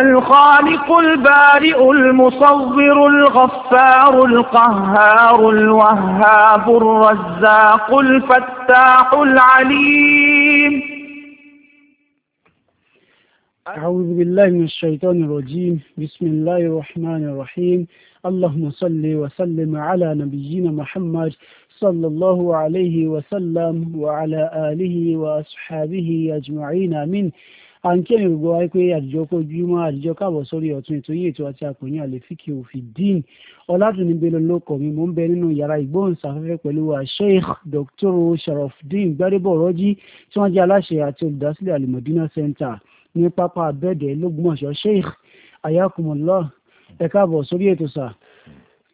الخالق البارئ المصور الغفار القهار الوهاب الرزاق الفتاح العليم أعوذ بالله من الشيطان الرجيم بسم الله الرحمن الرحيم اللهم صل وسلم على نبينا محمد صلى الله عليه وسلم وعلى آله وأصحابه أجمعين آمين à ń kí ẹ̀yin gbogbo wáyé pé àdìjọ kojúmọ́ àdìjọ káàbọ̀ sórí ọ̀tún ètò yìí ètò àti àpòyìn àlefíkì òfin dín ọlátùnú bẹ́ẹ̀ lọ́kọ̀ mi mò ń bẹ nínú yàrá ìgbóhùnsáfẹ́fẹ́ pẹ̀lú Sheikh Dr. Sharafdeen Gbadebo Rọ́jí tí wọ́n jẹ́ aláṣẹ àti olùdásílẹ̀ Al-Madina Center ní pápá abẹ́ẹ̀dẹ̀ lọ́gbọ̀nsọ̀ Sheikh ayakumullah ẹ káàbọ̀ sórí ètò sà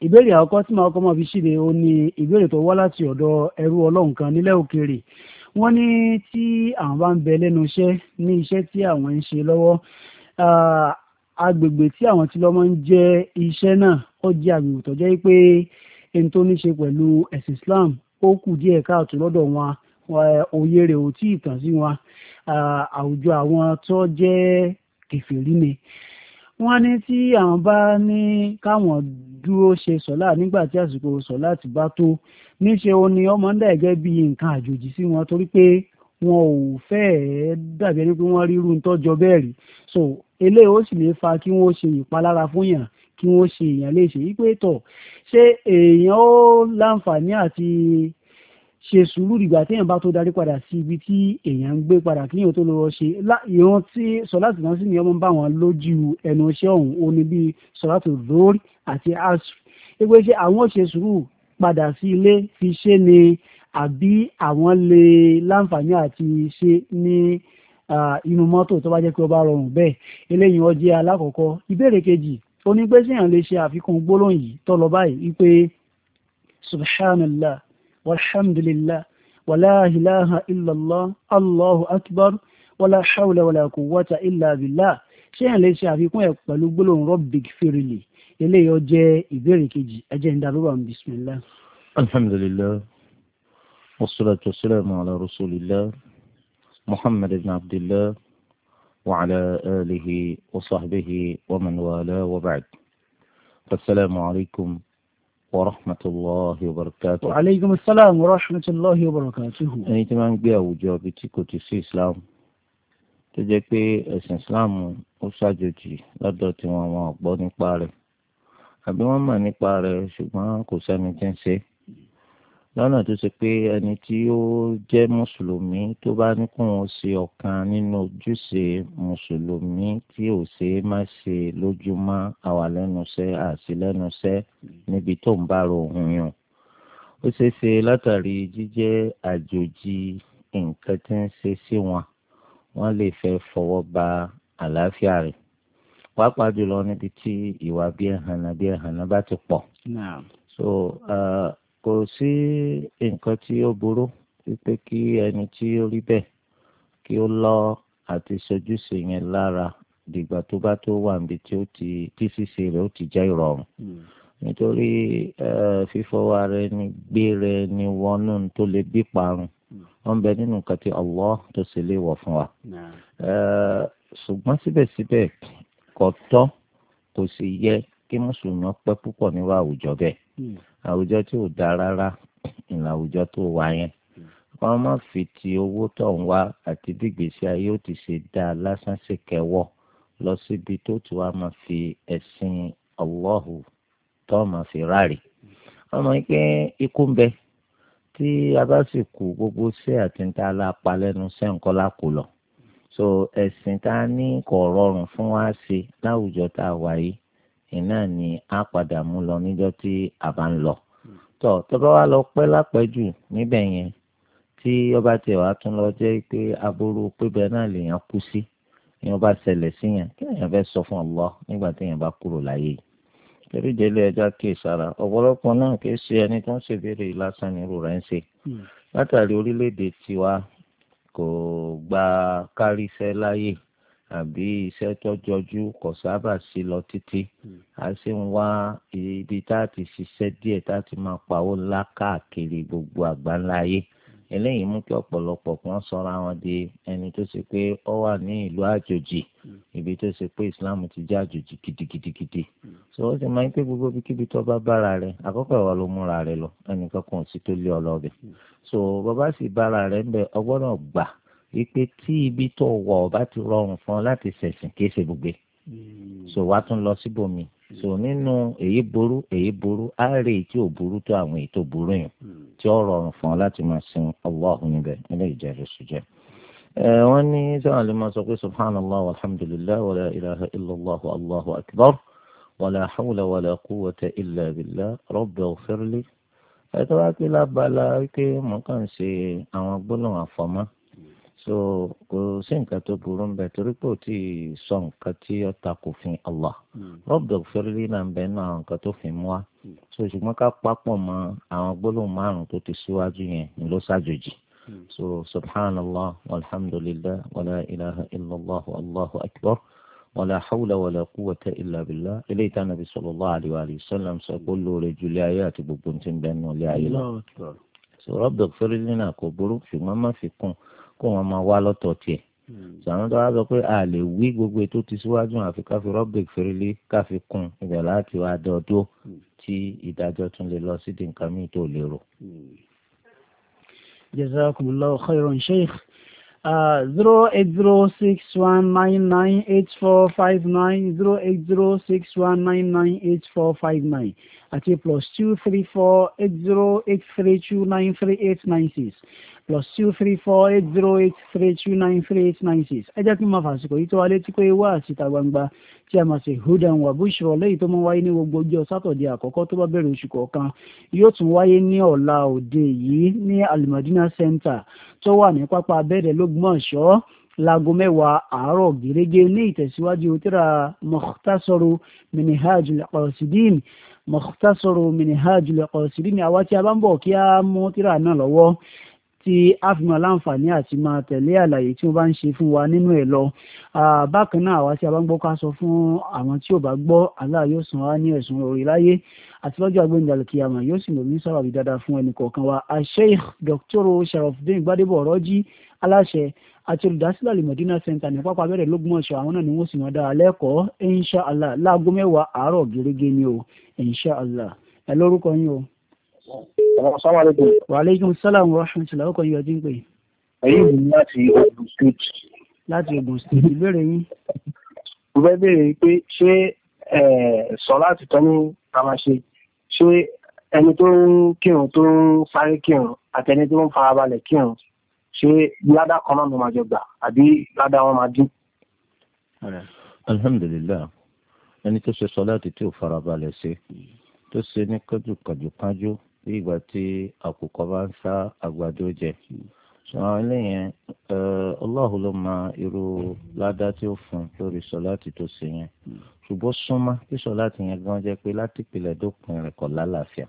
ìbéèrè àkọ́kọ́ tí màá kọ́ máa fi ṣíde ó ní ìbéèrè tó wá láti ọ̀dọ̀ ẹrú ọlọ́run kan nílẹ̀ òkèèrè wọ́n ní tí àwọn bá ń bẹ lẹ́nu iṣẹ́ ní iṣẹ́ tí àwọn ń ṣe lọ́wọ́ ah, agbègbè tí àwọn tí lọ́mọ ń jẹ́ iṣẹ́ náà ó jẹ́ agbègbè tó jẹ́ pé ẹni tó ní ṣe pẹ̀lú ẹ̀sìn Islam ó kù díẹ̀ káàtó lọ́dọ̀ wọn òye rẹ̀ ò tí ì tàn sí wọn ah, àwùjọ àwọn tó jẹ́ kèfèrí ni wọ́n ní tí àwọn bá ní káwọn dúró ṣe sọ́lá nígbà tí àsìkò sọ́lá ti bá tó níṣe o ní ọmọ ń dà bí nǹkan àjòjì sí wọn torí pé wọn ò fẹ́ẹ̀ dàbí ẹni pé wọ́n rí irú tọ́jọ bẹ́ẹ̀ rí so eléyìí ó sì lè fa kí wọ́n ṣe ìpalára fún yàn kí wọ́n ṣe èèyàn léṣe yí pé tọ̀ ṣé èèyàn ó láǹfààní àti ṣe sùúrù dìgbà téèyàn bá tó darí padà sí ibi tí èèyàn ń gbé padà kíyàn tó lọ ṣe ìran tí sọláàtì náà sì ní ọmọ bá wọn lójú ẹnu iṣẹ́ ọ̀hún ó ní bíi sọláàtì lórí àti asr pé ṣé àwọn ṣe sùúrù padà sí ilé fi ṣe ni àbí àwọn lè láǹfààní àti ṣe ní inú mọ́tò tó bá jẹ́ pé ó bá rọrùn bẹ́ẹ̀ eléyìí ó jẹ́ alákọ̀ọ́kọ́ ìbéèrè kejì ó ní lè ṣe àfikún gbólóhùn yìí tó báyìí wípé subhanallah والحمد لله ولا إله إلا الله الله أكبر ولا حول ولا قوة إلا بالله شيء ليس عفيكم يقبلوا قلون ربك لي إلي يوجي إبيري كيجي أجين بسم الله الحمد لله والصلاة والسلام على رسول الله محمد بن عبد الله وعلى آله وصحبه ومن والاه وبعد السلام عليكم ورحمة الله وبركاته وعليكم السلام ورحمة الله وبركاته ẹni tí máa ń gbé àwùjọ bíi tí kò ti sí islam tó jẹ́ pé ẹ̀sìn islam ó ṣàjòjì lọ́dọ̀ tí wọ́n wọn gbọ́ nípa rẹ̀ àbí wọ́n mọ̀ nípa rẹ̀ ṣùgbọ́n kò sẹ́ni tí ń ṣe é lọ́nà tó ṣe pé ẹni tí ó jẹ́ mùsùlùmí tó bá ní kó wọn ṣe ọ̀kan nínú ojúṣe mùsùlùmí tí ò ṣe é má ṣe lójúmọ́ àwàlẹ́nuṣẹ́ àṣìlẹ́nuṣẹ́ níbi tó ń bá ro òun yàn ó ṣeé ṣe látàrí jíjẹ́ àjòjì nǹkan tí ń ṣe sí wọn wọ́n lè fẹ́ fọwọ́ ba àlàáfíà rẹ̀ pàápàá jùlọ níbi tí ìwà bí ẹ̀hànà bí ẹ̀hànà bá ti pọ̀ so uh, kò sí nǹkan tí ó burú wípé kí ẹni tí ó rí bẹ́ẹ̀ kí ó lọ àti sojúṣe yẹn lára dìgbà tó bá tó wà níbi tí ó ti tí ṣíṣe rẹ̀ ó ti jẹ́ ìrọ̀rùn hmm. nítorí fífọwọ́ ara ẹni gbére ni wọnú tó lè bí parun wọ́n hmm. bẹ nínú nǹkan tí Allah tó ṣe lè wọ̀ fún wa ṣùgbọ́n síbẹ̀síbẹ̀ kò tọ́ kò sì yẹ kí mùsùlùmí pẹ́ púpọ̀ nírú àwùjọ bẹ́ẹ̀ hmm àwùjọ tí ò dáa rárá ìlà àwùjọ tó wà yẹn wọn má fi ti owó tó ń wá àti bí ìgbésí ayé ó ti ṣe dáa lásán sì kẹwọ lọ síbi tó ti wá máa fi ẹ̀sìn Allahu tó máa fi ráre ọmọ yìí pé ikú ń bẹ tí a bá sì kú gbogbo ṣé àti ń lẹ́nu ṣé nǹkan lákò lọ so ẹ̀sìn tá a ní kò rọrùn fún wa ṣe láwùjọ tá a wà yìí iná ni á padà mú lọ níjọ́ tí a bá ń lọ. tọ́ tó bá wá lọ pẹ́ lápẹ́jù níbẹ̀ yẹn tí ọba tiẹ̀ wá tún lọ jẹ́ pé aburú pébẹ náà lèèyàn kú sí ni wọ́n bá ṣẹlẹ̀ sí yẹn kí èèyàn fẹ́ sọ fún Allah nígbà tí èèyàn bá kúrò láyé yìí. torí délé ẹjọ́ kì í sára ọ̀pọ̀lọpọ̀ náà kì í ṣe ẹni tó ń ṣèbéèrè lásán ní irú ń ṣe. Hmm. látàrí orílẹ̀ tiwa kò gba káríṣẹ́ láyè àbí iṣẹ́ tó kò sábà sí lọ títí hmm. a sì ń wá ibi tá a ti ṣiṣẹ́ díẹ̀ tá a ti máa pawó ńlá káàkiri gbogbo àgbáńlá ayé hmm. eléyìí mú kí ọ̀pọ̀lọpọ̀ kí wọ́n sọra wọn di ẹni tó ṣe pé ó wà ní ìlú àjòjì hmm. ibi tó ṣe pé Islam ti jẹ́ àjòjì gidigidigidi so ó sì máa ń pé gbogbo ibikíbi tó bá bára rẹ̀ àkọ́kọ́ ìwà ló múra rẹ̀ lọ ẹnìkan kan ò sí tó lé ọ lọ bẹ̀ so bàbá sì bára rẹ̀ ń bẹ ọgbọ́dọ̀ gbà wípé tí ibi tó wọ̀ ọba ti rọrùn fún ọ láti ṣẹ̀sìn kìí ṣe gbogbo hmm. so wàá tún lọ síbòmí so hmm. nínú èyí burú èyí burú á rè tí ò burú tó àwọn èyí tó burú yẹn hmm. tí ó rọrùn fún ọ láti máa sin allah níbẹ̀ nílẹ̀ ìjẹ́rìí sùjẹ́ wọ́n ní sọ́wọ́n lè máa sọ pé subhanallah alhamdulilah wàlá ilaha illallah allahu akbar wàlá hawla wàlá quwwata illa billah rabbi ighfirli ẹ̀ tó wá pé lábala wípé mo kàn ṣe àwọn gbólóhùn àfọ̀mọ́ so kò sí nǹkan tó burú ń bẹ torí pé ò tí ì sọ nǹkan tí ó ta kò fin Allah hmm. rọ́bìdọ̀ fẹ́rẹ́lì náà ń bẹ nínú àwọn nǹkan tó fi mú wa hmm. so ṣùgbọ́n ká pápọ̀ mọ́ àwọn gbólóhùn márùn tó ti síwájú yẹn ló ṣàjòjì hmm. so subhanallah walhamdulillah wala ilaha illallah Allah akbar wala hawla wala quwwata illa billah eléyìí tá nàbí sallallahu alaihi wa sallam sọ pé lóore ju ilé ayé àti gbogbo ti ń bẹ nínú ilé ayé lọ so rọ́bìdọ̀ fẹ́rẹ́lì náà kò burú ṣùgbọ́n má fi kún un kó wọn máa wá lọ́tọ̀ tiẹ̀ hmm. sàwọn tó wá sọ pé a lè wí gbogbo ètò ti síwájú àfi káfí rọ́bì fèrèlé káfí kún ibẹ̀ láti wá dọ́dọ́ hmm. tí ìdájọ́ tún lè lọ sídìí nǹkan míì tó lérò. Hmm. jazakumullahu khairan sheikh uh, zero eight zero six one nine nine eight four five nine zero eight zero six one nine nine eight four five nine àti plus two three four eight zero eight three two nine three eight nine six plus two three four eight zero eight three two nine three eight nine six ẹ jẹ́ kí n máa fàṣìkò yìí tó wa létí pé wá àti gbangba tí a máa ṣe hudan wa bushra lẹ́yìn tó máa wáyé ní gbogbo ọjọ́ sátọ̀dé àkọ́kọ́ tó bá bẹ̀rẹ̀ oṣù kọ̀ọ̀kan yóò tún wáyé ní ọ̀la òde yìí ní alimadina center tó wà ní pápá abẹ́rẹ́ lọ́gbọ́nsọ́ láago mẹ́wàá àárọ̀ gẹ́gẹ́ ní ìtẹ̀síwájú tíra mukhtasaru minihajul qasidin mọ̀tàsọ̀rọ̀ minihajul qasidin ní àwa tí a bá ń bọ̀ kí a mú tírà náà lọ́wọ́ tí a fi máa láǹfààní àti máa tẹ̀lé àlàyé tí wọ́n bá ń ṣe fún wa nínú ẹ̀ lọ. bákan náà àwa tí a bá ń gbọ́ ká sọ fún àwọn tí ò bá gbọ́ Allah yóò san á ní ẹ̀sùn orí láyé àti lọ́jọ́ àgbẹ̀ǹdàlẹ̀ kíyàmá yóò sì lòmí sábàbí dáadáa fún ẹnì kọ̀ọ̀kan wa. Sheikh Dr. Sharafdin Gbadebo Ọ̀rọ̀jì aláṣẹ àti olùdásílẹ̀ alimọ̀dínà center ní pápá abẹ́rẹ́ lógúnmọ̀ṣọ́ àwọn náà ni wọ́n sì wọ́n dára lẹ́kọ̀ọ́ inshallah láago mẹ́wàá àárọ̀ gẹ́gẹ́ ni o inshallah ẹ lórúkọ yín o. wàleykum salaam wa rahmatulah ọkọ yóò dín pé. ẹ̀yin mi láti Ogun State. láti Ogun State ìbéèrè yín. mo fẹ́ béèrè pé ṣé sọ láti tán ní àmàṣe ṣé ẹni tó ń kírun tó ń sáré kírun àtẹni tó ń farabalẹ̀ kírun ṣé ládà kan náà ló máa jọ gbà àbí ládà wọn máa dín. alhamdulilayi ẹni tó ṣe sọláàtì tí ò farabalẹ̀ ṣe tó ṣe ní kánjú kánjú kánjú bí ìgbà tí àkùkọ bá ń sá àgbàdo jẹ sọ̀rọ̀ eléyẹn ọlọ́hùn eh, ló mọ irú ládá tí ó fún lórí sọ̀láàtì tó ṣe yẹn ṣùgbọ́n súnmọ́ kí sọ̀láàtì yẹn gan jẹ́ pé láti ìpìlẹ̀ dópin rẹ̀ kọ̀ lálàáfíà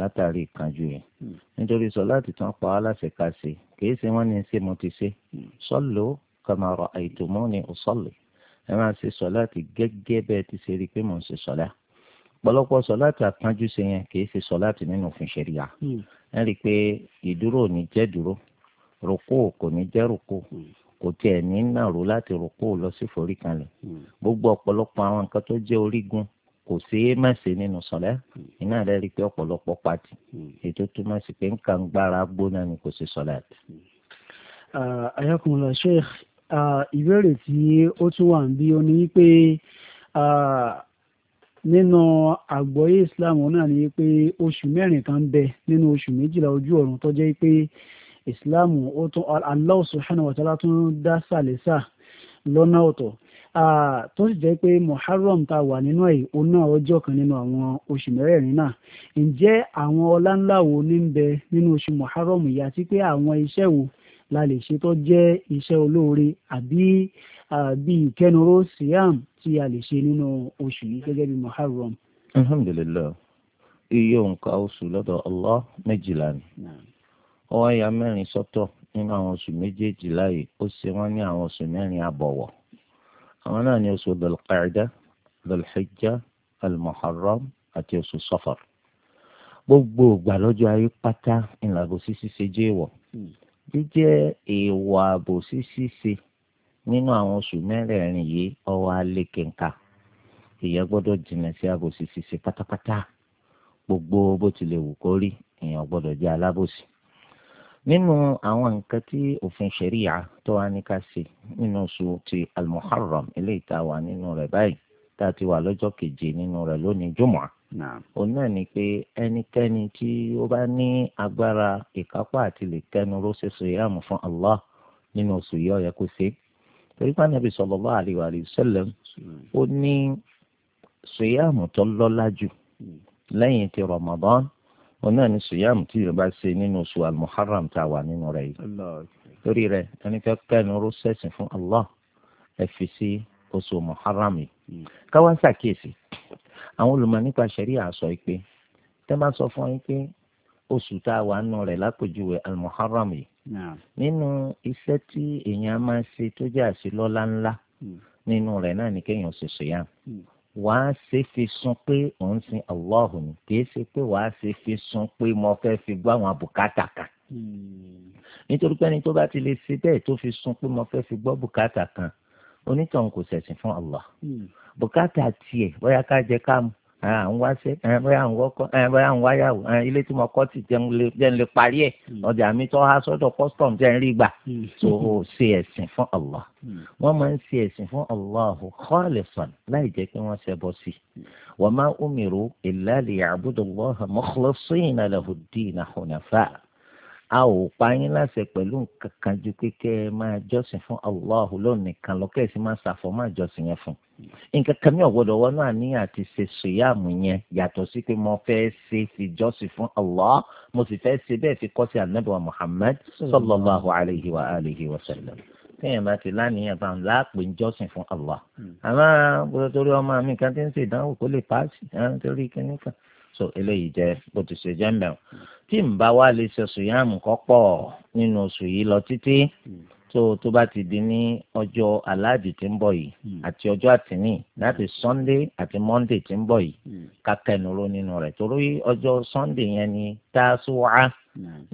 látàrí ìkánjú yẹn mm. nítorí sọ̀láàtì tán pa á láṣẹ ká ṣe kìí ṣe wọ́n ní ṣe mo ti ṣe sọ́lù kàmàrọ̀ àìtòmọ́ ni ò sọ́lù ẹ máa ṣe sọ̀láàtì gẹ́gẹ́ bẹ́ẹ̀ ti ṣe rí pé mò ń ṣe sọ̀lá pọ̀lọpọ̀ sọ̀láàtì àkánjú ṣe yẹn kìí ṣe sọ̀láàtì nínú òfin ṣẹ̀ríà mm. ẹ rí i pé ìdúró ò ní jẹ́ dúró rúkú kò ní jẹ́ rúkú kò tiẹ̀ ní nàró láti rúkú lọ sí foríkanlẹ̀ gbogbo ọ̀pọ̀lọpọ̀ àwọn nǹkan tó jẹ́ orígun kò ṣeé má ṣe nínú sọlẹ iná rẹ rí i pé ọ̀pọ̀lọpọ̀ pati ètò túmọ̀ sí pé nǹkan gbára gbóná ni kò ṣe sọlẹ. ayakunla sheikh ìbéèrè tí ó tún wà ń bí ó ní pé nínú àgbọ́yé islam náà ni pé oṣù mẹ́rin kan ń bẹ nínú oṣù méjìlá ojú ọ̀run tó jẹ́ pé islam ó tún Allah subhanahu wa ta'ala tún dá sàlẹ́sà lọ́nà ọ̀tọ̀ tó sì jẹ́ pé muharram tá wà nínú ẹ̀ òun náà ọjọ́ kan nínú àwọn oṣù mẹ́rẹ̀ẹ̀rin náà ǹjẹ́ àwọn ọlá ńlá wo ní ń bẹ nínú muharram yìí àti pé àwọn iṣẹ́ wo la lè ṣe tó jẹ́ iṣẹ́ olóore àbí bí ìkẹnuró siam tí a lè ṣe nínú oṣù yìí gẹ́gẹ́ bí muharram. alhamdulilayi iye òǹkà oṣù lọ́dọ̀ Allah méjìlá ni ó wá ya mẹ́rin sọ́tọ̀ nínú àwọn oṣù méjèèjì láàyè ó ṣe wọ́n ní àwọn oṣù mẹ́rin àbọ̀wọ̀ àwọn náà ni oṣù dọ̀lùkàdá dọ̀lùhẹ́já almuharram àti oṣù sọ́fà gbogbo ògbà lọ́jọ́ ayé pátá ìlàbòsí ṣíṣe jẹ́ èèwọ̀ jíjẹ́ èèwọ̀ àbòsí ṣíṣe nínú àwọn oṣù mẹ́rẹ̀ẹ̀rin yìí ọwọ́ alẹ́ kẹ̀ǹkà èèyàn gbọ́dọ̀ jìnnà sí àbòsí ṣíṣe pátápátá gbogbo bó tilẹ̀ wù kó rí gbọ́dọ̀ jẹ́ alábòsí nínú àwọn nǹkan tí òfin ṣẹ̀ríyà tó wá ní ká ṣe nínú oṣù ti al-muharram eléyìí tá a wà nínú rẹ̀ báyìí tá a ti wà lọ́jọ́ keje nínú rẹ̀ lónìí jùmọ̀ òun náà ni pé ẹnikẹ́ni tí ó bá ní agbára ìkápá àti lè kẹnu ró ṣe fún Allah nínú oṣù yìí ó kó ṣe torí pé Ànábì sallallahu alaihi wa sallam ó ní sòyàmù tó lọ́lá jù hmm. lẹ́yìn ti Ramadan òun náà ni sùyàmù tí yorùbá ṣe nínú oṣù almuharram tá a wà nínú rẹ̀ yìí torí rẹ̀ ẹni fẹ́ kẹnu ró sẹsìn fún allah ẹ fi sí oṣù muharram yìí hmm. káwá ṣàkíyèsí àwọn olùmọ̀ nípa ṣẹ̀ríà sọ pé tẹ́ máa sọ fún yín pé oṣù tá a wà nínú rẹ̀ lápèjúwe almuharram yìí nínú iṣẹ́ tí èèyàn máa ṣe tó jẹ́ àṣìlọ́lá ńlá hmm. nínú rẹ̀ náà ni kéèyàn ṣe sùyàmù hmm wàá ṣe fi sun pé òun sin allah ni kìí ṣe pé wàá ṣe fi sun pé mo fẹ́ fi gbọ́ àwọn bùkátà kan. nítorí pé ẹni tó bá ti lè ṣe bẹ́ẹ̀ tó fi sun pé mo fẹ́ fi gbọ́ bùkátà kan onítàn kò ṣẹ̀sìn fún allah. Hmm. bùkátà tiẹ̀ bóyá ká jẹ ká mu à ń wáṣẹ́ ẹ bóyá ń wọ́kọ́ ẹ bóyá ń wáyàwó ẹ ilé tí mo kọ́ ti jẹ́ ń lè parí ẹ̀ hmm. ọjà mi tọ́ ha sọ́dọ̀ custom jẹ́ ń rí gbà tó hmm. o ṣe ẹ̀sìn fún Allah hmm. wọ́n máa ń ṣe ẹ̀sìn fún Allah khalisan láì jẹ́ pé wọ́n ṣẹbọ sí i wa ma umiru illa liya'budu Allah mukhlisina lahu ad-din hunafa a ò pa yín láṣẹ pẹ̀lú nǹkan kan ju pé kẹ́ ẹ máa jọ́sìn fún Allahu lónìkan lọ́kẹ́ sí máa ṣàfọ́ máa jọ́sìn yẹn fún nǹkan kan mi ò gbọ́dọ̀ wọnú àníyàn àti ṣe ṣìyàmù yẹn yàtọ̀ sí pé mo fẹ́ ṣe fi jọ́sìn fún Allah mo sì fẹ́ ṣe bẹ́ẹ̀ fi kọ́ sí anabi wa Muhammad sallallahu alayhi wa alihi wa sallam téèyàn bá ti lánìyàn bá ń láàpè ń jọ́sìn fún Allah hmm. àmọ́ torí ọmọ mi kan ti ń ṣèdánwò kó lè pàṣẹ torí kíní so eléyìí jẹ bó ti ṣe jẹ́ mẹ́wọ̀n tí n bá wá lè ṣe sùyàmù kọ́ pọ̀ nínú oṣù yìí lọ títí tó hmm. tó bá ti di ní ọjọ́ aláàjì tí ń bọ̀ yìí hmm. àti ọjọ́ àtìní láti sunday àti monday tí ń bọ̀ yìí hmm. kakẹnuro nínú rẹ̀ torí ọjọ́ sunday yẹn ni tasu'a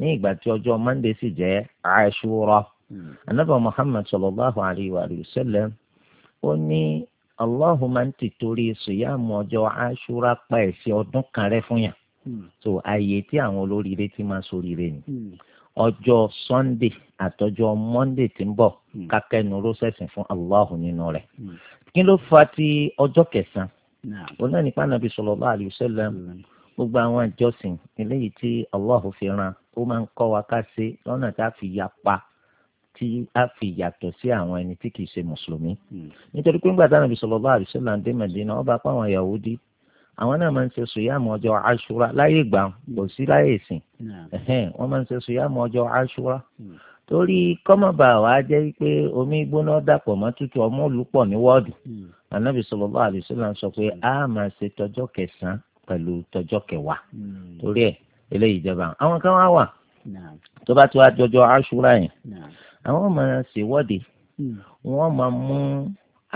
ní ìgbà tí ọjọ́ monday sì jẹ́ ashura anabi sallallahu alayhi wa sallam ó ní Allahu máa ń ti torí sùyàmù ọjọ́ aṣúra pa ẹ̀sìn ọdún kan rẹ fún yàn. Hmm. so ààyè tí àwọn olóríire ti máa soríire ni. Hmm. ọjọ́ sunday àtọjọ́ monday ti ń bọ̀ hmm. kákẹ́nu rọ́sẹ̀sìn fún Allahu nínú rẹ̀. kí ló fa ti ọjọ́ kẹsàn-án. òun náà nípa nàbí sallallahu alaihi gbogbo àwọn ìjọsìn eléyìí tí Allahu fi ran ó máa ń kọ́ wa ká ṣe lọ́nà tá a fi yapa tí a fi yàtọ̀ sí àwọn ẹni tí kìí ṣe mùsùlùmí. Hmm. nítorí pé ńgbà táwọn ìbísọ̀ lọ́ba àbísọ̀ là ń dé Mẹ̀dínà ọba pa àwọn Yahudi àwọn náà máa ń ṣe sùyàmù ọjọ́ aṣúra láyé ìgbà kò sí láyé ìsìn hmm. wọ́n máa ń ṣe sùyàmù ọjọ́ aṣúra hmm. torí kọ́mọ̀bà wa jẹ́ pé omi gbóná dàpọ̀ mọ́ tútù ọmọ olùpọ̀ ní wọ́ọ̀dù anabi sọlọ́lá àdìsílà ń sọ pé a máa ṣe tọjọ́ kẹsàn-án pẹ̀lú tọjọ́ kẹwàá torí ẹ̀ eléyìí jẹba àwọn kan wá wà tó bá ti wá jọjọ aṣúra yẹn àwọn máa ṣèwọ́de hmm. wọ́n máa mú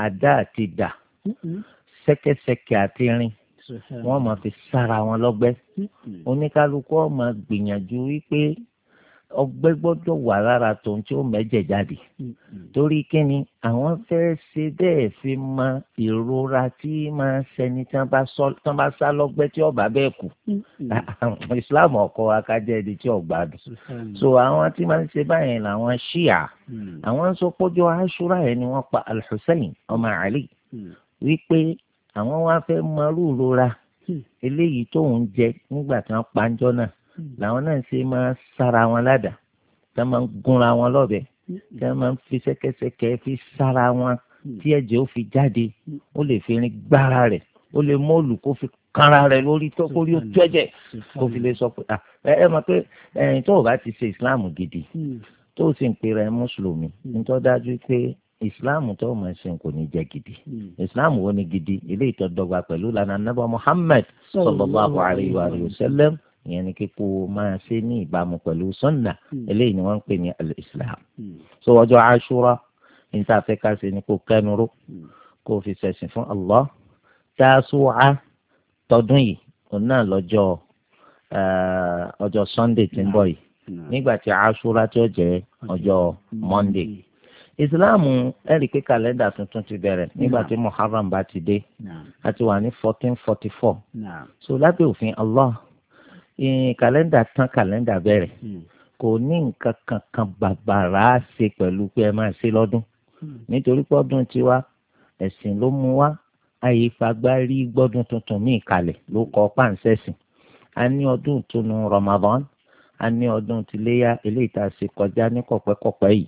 àdá àti dà hmm. ṣẹ́kẹ́ṣẹkẹ̀ àti rin wọ́n máa fi sára wọn lọ́gbẹ́ hmm. oníkálukú máa gbìyànjú wípé ọgbẹ́ gbọ́dọ̀ wà lára tòun tí ó mẹ́jẹ̀ jáde torí kíni àwọn fẹ́ ṣe bẹ́ẹ̀ fi mọ ìrora tí máa ṣẹni tí wọ́n bá sá lọ́gbẹ́ tí ọba bẹ́ẹ̀ kù Islam ọkọ akájẹ́ ẹni tí ọgbà dùn so àwọn tí máa ń ṣe báyẹn làwọn ṣíà hmm. àwọn ń sọ pọ́jọ́ aṣúra yẹn ni wọ́n pa Al-Hussein ọmọ Ali hmm. wípé àwọn wá fẹ́ mọ irú ìrora hmm. eléyìí tóun jẹ nígbà tí wọ́n pa ń jọ náà làwọn náà ṣe máa sára wọn ládàá tá máa ń gúnra wọn lọ́bẹ tá máa ń fi ṣẹ́kẹ́ṣẹkẹ̀ fi sára wọn tí ẹ̀jẹ̀ ó fi jáde ó lè fi rin gbára rẹ̀ ó lè mọ́ọ̀lù kó fi kanra rẹ̀ lórí tó kórí ó tẹ́jẹ̀ kó fi lè sọ pé ẹ mọ̀ pé ẹ̀yin tó o bá ti ṣe ìsìláàmù gidi tó o sì ń pera ẹ mùsùlùmí nítorí dájú pé islam tó mọ̀ ṣe kò ní jẹ́ gidi islam wo ni gidi ilé ìtọ́dọ́gba pẹ̀lú lànà nàbà muhammed sallallahu alayhi wa sallam ìyẹn ni kíkó máa ṣe ní ìbámu pẹ̀lú sunna hmm. eléyìí ni wọ́n ń pè ní al-islam hmm. so ọjọ́ aṣúra ní tá a fẹ́ ká ṣe ni kó kẹnuró hmm. kó fi ṣẹ̀sìn fún Allah tásùá tọdún yìí òun náà lọ́jọ́ eh, ọjọ́ sunday tí ń bọ̀ yìí nígbà tí aṣúra tí ó jẹ́ ọjọ́ monday ìsìláàmù ẹ̀rí pé kàlẹ́ndà tuntun ti bẹ̀rẹ̀ nígbà tí muharram bá ti dé àti wà ní fourteen forty four so lábẹ́ òfin Allah kàlẹ́ndà tán kàlẹ́ndà bẹ̀rẹ̀ hmm. kò ní nǹkan kankan bàbàrà ṣe pẹ̀lú pé ẹ máa ṣe lọ́dún hmm. nítorí pọ́dún tiwa ẹ̀sìn ló mú wa àyífagbá rí gbọ́dún tuntun ní ìkàlẹ̀ ló kọ́ páńsẹ́sìn a ní ọdún ìtùnú Ramadan a ní ọdún tiléyà eléyìí tá a ṣe kọjá ní kọ̀pẹ́kọ̀pẹ́ yìí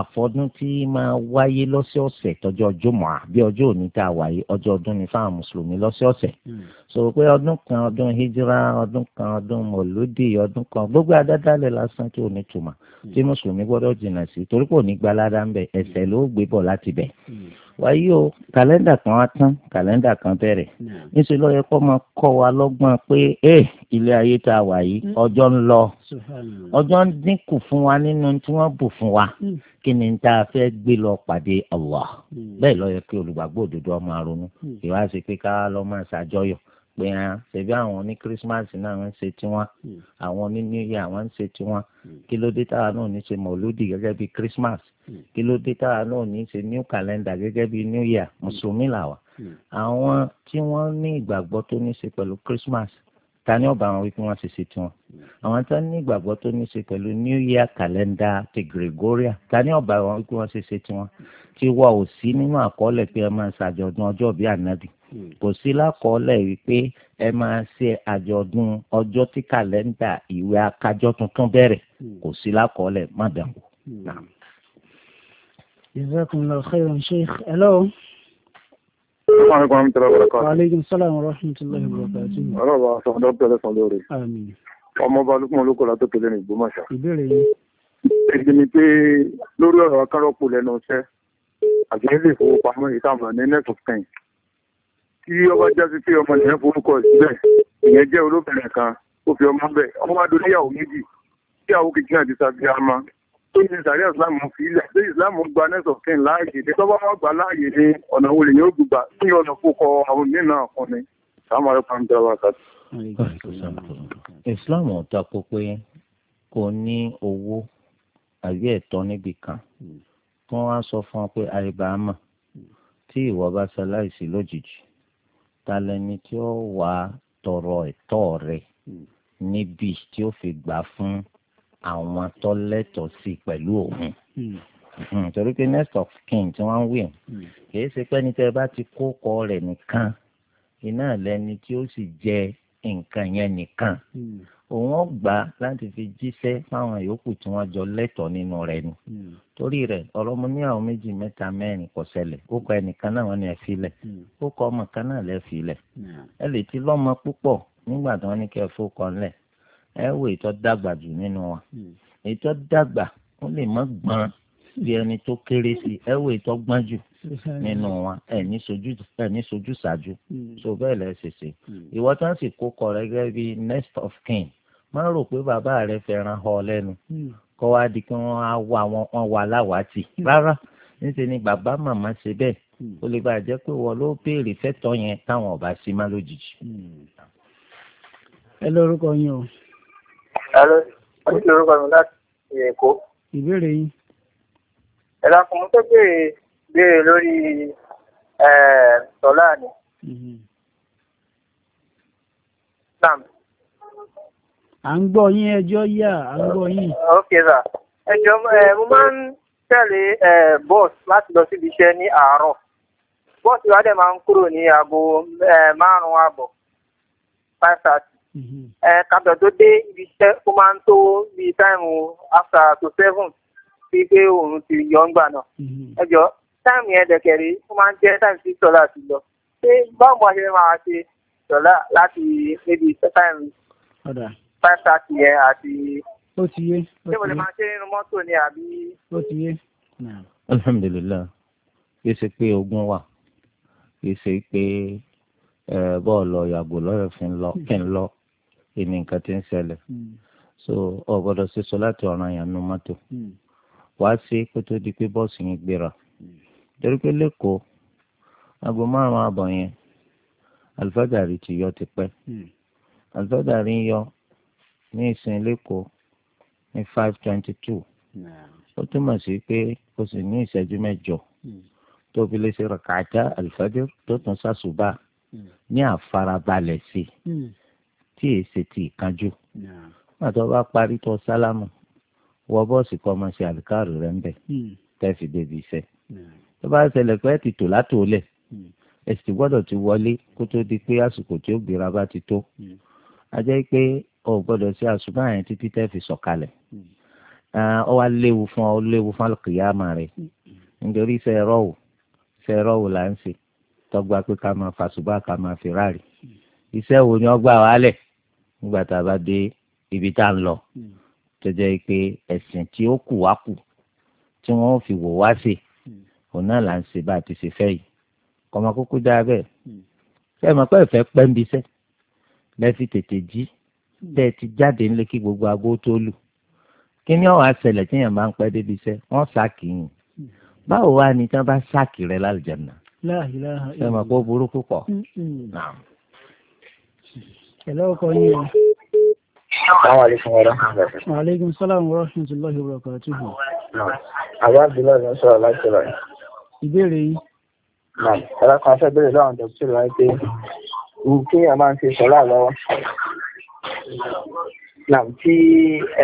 àfọdún tí máa wáyé lọ́sọ̀ọ̀sẹ̀ tọjọ́ jùmọ̀ àbí ọjọ́ òní tá a wáyé ọjọ́ ọdún ni fáwọn mùsùlùmí lọ́sọ̀ọ̀sẹ̀ hmm. sọ pé ọdún kan ọdún hijira ọdún kan ọdún mọ̀lódì ọdún kan gbogbo adádálẹ̀ lásán tí ò ní tùmọ̀ hmm. tí mùsùlùmí gbọ́dọ̀ jìnnà sí torí kò ní gbalada ń bẹ ẹ̀ṣẹ̀ ló gbé bọ̀ láti bẹ̀. Hmm wáyé o kàlẹ́ndà kan á tán kàlẹ́ndà kan bẹ̀rẹ̀ níṣẹ́ ló yẹ kó máa kọ́ wa lọ́gbọ́n pé ẹ ilé ayé tá a wà yìí hmm. ọjọ́ ń lọ ọjọ́ ń dínkù fún wa nínú tí wọ́n bù fún wa hmm. kí ni tá a fẹ́ gbé lọ pàdé Allah hmm. bẹ́ẹ̀ ló yẹ kí olùgbàgbọ́ òdodo máa ronú ìwà ṣe pé ká lọ máa ṣàjọyọ̀ pé hàn ṣebí àwọn ní Christmas náà ń ṣe tiwọn hmm. àwọn ní New Year àwọn ń ṣe tiwọn hmm. kí ló dé táwa náà ní ṣe mọ̀lúdì gẹ́gẹ́ bí Christmas hmm. kí ló dé táwa náà ní ṣe new calendar gẹ́gẹ́ bí New Year mùsùlùmí làwà àwọn tí wọ́n ní ìgbàgbọ́ tó ní ṣe pẹ̀lú Christmas ta ni ọba àwọn wípé wọn ṣe ṣe tiwọn àwọn tó ní ìgbàgbọ́ tó ní ṣe pẹ̀lú new year calendar ti gregoria ta ni ọba àwọn wípé wọn ṣe ṣe tiwọn ti wọ ò sí nínú àkọọ́lẹ̀ pé ẹ máa ṣàjọ̀dún ọjọ́ bíi ànábì Hmm. kò sí lákọọ́lẹ̀ wípé ẹ máa ṣe àjọ̀dún ọjọ́ tí kàlẹ́ńdà ìwé akájọ́ tuntun bẹ̀rẹ̀ hmm. kò sí lákọọ́lẹ̀ má dàgbò. Hmm. Jazakumullahu khairan Sheikh. Hello. Wa alaykum salaam wa rahmatullahi. Wa alaykum salaam wa rahmatullahi wa barakatuh. Ọlọ́ba sọ̀rọ̀ dọ́kítà lẹ́sàn lórí. Àmín. Ọmọ ọba Lukman Olúkọ̀lá tó kéde ní Ìgbómọ̀ṣà. Ìbéèrè yìí. Èdè ni pé lórí ọ̀rọ̀ akárọ̀pọ̀ lẹ́nu iṣẹ́ àti ilé ìfowópamọ́ ìtàwọn ní Netflix tí ọba jásí pé ọmọ yẹn forúkọ síbẹ̀ ìyẹn jẹ́ olóbìnrin kan ó fi ọmọ bẹ̀ ọmọ wa do níyàwó méjì níyàwó kejì náà ti sàbí àmà tó ní sàrí ìsìlámù fílẹ̀ tó ìsìlámù gba nẹ́sọ̀ kín láàyè ní tọ́ba wọn gbà láàyè ní ọ̀nà wo lèyìn ó gbùgbà ní ọ̀nà fúnkọ àwọn mìíràn kan ni sàmà rẹ̀ pàmì dára kàtó. ìsìlámù ò takò pé kò ní owó àbí ẹ̀tọ́ níbì kan kí wọ́n á sọ fún ọ pé àìbá mọ̀ tí ìwọ bá ṣaláìsí lójijì talẹni tí ó wà tọrọ ẹ̀tọ́ rẹ̀ níbi tí ó fi gbà fún àwọn tọ́lẹ̀tọ̀ sí pẹ̀lú òun hmm. Hmm, torí pé next of kin tí wọ́n ń wí hmm. kìí ṣe pé ní tẹ́ bá ti kó kọ rẹ̀ nìkan iná lẹni tí ó sì jẹ nǹkan yẹn nìkan òun ó láti fi jíṣẹ́ fáwọn yòókù tí wọ́n jọ lẹ́tọ̀ọ́ nínú rẹ̀ ni. Hmm. torí rẹ̀ ọ̀rọ̀ ní àwọn méjì mẹ́ta mẹ́rin kò ṣẹlẹ̀ ó kọ ẹnìkan náà wọ́n ní ẹ filẹ̀ hmm. ó kọ ọmọ kan náà lẹ́ filẹ̀ hmm. ẹ lè ti lọ́mọ púpọ̀ nígbà tí wọ́n ní kẹ́ ẹ fókọ ńlẹ̀ ẹ wò ìtọ́ dàgbà jù nínú wọn ìtọ́ dàgbà ó lè má gbọ́n bí ẹni tó kéré sí ẹ wò ètò ọgbọ́n jù nínú wa ẹni sojú ẹni sojú ṣáájú hmm. so bẹ́ẹ̀ lẹ́ ṣe ṣe hmm. ìwọ tán sì kó kọ rẹ gẹ́gẹ́ bí next of kin má rò pé bàbá rẹ fẹ́ràn họ lẹ́nu hmm. kọ́ wá di kí wọ́n á wà wọ́n wà láwàtì rárá níṣẹ́ ni bàbá màmá ṣe bẹ́ẹ̀ ó lè bàa jẹ́ pé wọ́n ló béèrè fẹ́tọ́ yẹn táwọn ọba sí má lójijì. ẹ lórúkọ yín o. ẹ lórúkọ mi láti èkó. ìbéèrè yín ẹ̀rọ ọkùnrin tó béèrè béèrè lórí sọ́lá ni. Mhm. à ń gbọ́ yín ẹjọ́ yà à ń gbọ́ yín. ok sir ẹjọ́ mo máa ń tẹ̀lé bọ́ọ̀sì láti lọ síbi iṣẹ́ ní àárọ̀ bọ́ọ̀sì wa dẹ̀ máa ń kúrò ní aago márùn-ún àbọ̀ five thirty mhm. kàtọ̀ tó dé ibi iṣẹ́ ó máa ń tó bíi táìmù after to seven sí pé òun ti yọ ń gbà náà mhm. ẹ jọ táìmù yẹn dẹ̀kẹ̀rẹ̀ ó máa ń jẹ́ táìmù sí sọ́lá ti lọ pé báwo a ṣe máa ṣe sọ́lá láti níbi táìmù five thirty yẹn àti. ó ti yé ó ti yé ṣé mo lè máa ṣe nínú mọ́tò ni àbí. ó ti yé. alhamdulilayi kì í ṣe pé ogun wà kì í ṣe pé bọ́ọ̀lù ọ̀yàgò lọ́yọ̀ fi ń lọ kí n lọ ìní nǹkan ti ń ṣẹlẹ̀ mm. so o gbọ́dọ̀ ṣe sọ láti ọ̀ràn yẹn nu mọ́tò. Mm wá sí kó tó di pé bọ́ọ̀sì yẹn gbéra torí pé lẹ́kọ̀ọ́ aago márùn-ún àbọ̀ yẹn alifájàrí ti yọ tipẹ́ alifájàrí ń yọ ní ìsìn lẹ́kọ̀ọ́ ní five twenty two ó túmọ̀ sí pé o sì ní ìṣẹ́jú mẹ́jọ tó fi lè ṣe rakaata alifájàrí tó tún ṣàṣùbà ní àfarabalẹ̀ sí tí èsì ti ìkanjú nígbà tó bá parí tó sálámù wọ bọ́ọ̀sì kọ́ máa ṣe àlùkárù rẹ̀ ń bẹ̀ hmm. tẹ́sí débi iṣẹ́ hmm. tó bá ṣẹlẹ̀ pé ẹ ti tò látò lẹ̀ hmm. ẹ sì gbọ́dọ̀ ti wọlé kó tó di pé àsìkò tí ó gbéra bá ti tó a jẹ́ pé o gbọ́dọ̀ ṣe àṣùbà yẹn títí tẹ́ fi sọ̀kalẹ̀ ọ wá léwu fún ọ léwu fún àlùkìyàmà rẹ̀ nítorí iṣẹ́ ẹ̀rọ wò iṣẹ́ ẹ̀rọ wò là ń ṣe tọ́gbà pé ká máa fàṣùbà ká máa fi iṣẹ́ wo ni ọgbà wálẹ̀ nígbà tá a bá dé ibi tá a ń lọ tó jẹ́ pé ẹ̀sìn tí ó kù wá kù tí wọ́n fi wò wá sí hmm. òun náà là ń ṣe bá a ti ṣe fẹ́ yìí kọ́mọ kúkú dáa bẹ́ẹ̀ hmm. ṣé ẹ mọ̀ pé ìfẹ́ pẹ́ ń bisẹ́ lẹ́fi tètè jí hmm. tẹ́ ẹ ti jáde ńlẹ́ kí gbogbo agbó tó lù kí ni ọ̀hún tí yẹn máa ń pẹ́ débi iṣẹ́ wọ́n sáàkì yìí báwo wá ni tí wọ́n bá sáàkì rẹ lálùjánnà ṣé ẹ pé ó burú púpọ̀. ẹ̀lọ́ ọkọ yín o. Àlékún sálàmù rọ́ṣùntúlọ́hì rọ̀kọ̀ àti ìbò. Àwọn àbúlọ̀ ní sọ̀rọ̀ láti rọ̀. Ìbéèrè yìí. Ẹlẹ́kan afẹ́ bẹ̀rẹ̀ láwọn dọ̀tí rẹ̀ wáyé pé ohun tí èèyàn máa ń fi sọ̀rọ̀ lọ́wọ́. Làm tí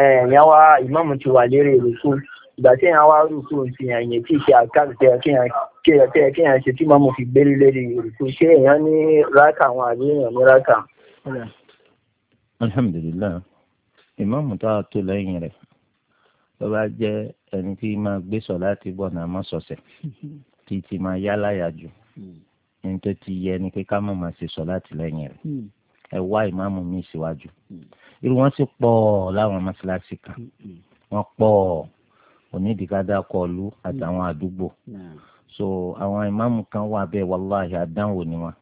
èèyàn wá ìmáàmù ti wà lérí ìrùkú. Ìgbà tí èèyàn wá rùkú ti yàn yẹn tí ìṣe àkáàtì kéèyàn kéèyàn ṣe tí màmú fi gbélé lérí ìrùkú. Ṣé èèyàn ní rákà àwọn àbí èèyàn ní rákà? Alhamdulillah ìmáàmù tá a tó lẹ́yìn rẹ̀ tó bá jẹ́ ẹni tí máa gbé sọ láti bọ̀ náà má sọ̀sẹ̀ tí ti máa yálàyà jù ẹni tó ti yẹ ni pé ká má máa ṣe sọ láti lẹ́yìn rẹ̀ ẹ wá ìmáàmù mi síwájú irú wọn sì pọ̀ láwọn mọ́ṣáláṣí kan wọ́n pọ̀ onídìí ká dákọ̀ ọ̀lú àtàwọn àdúgbò so àwọn ìmáàmù kan wà bẹ́ẹ̀ wàláhì àdánwò ni wọn.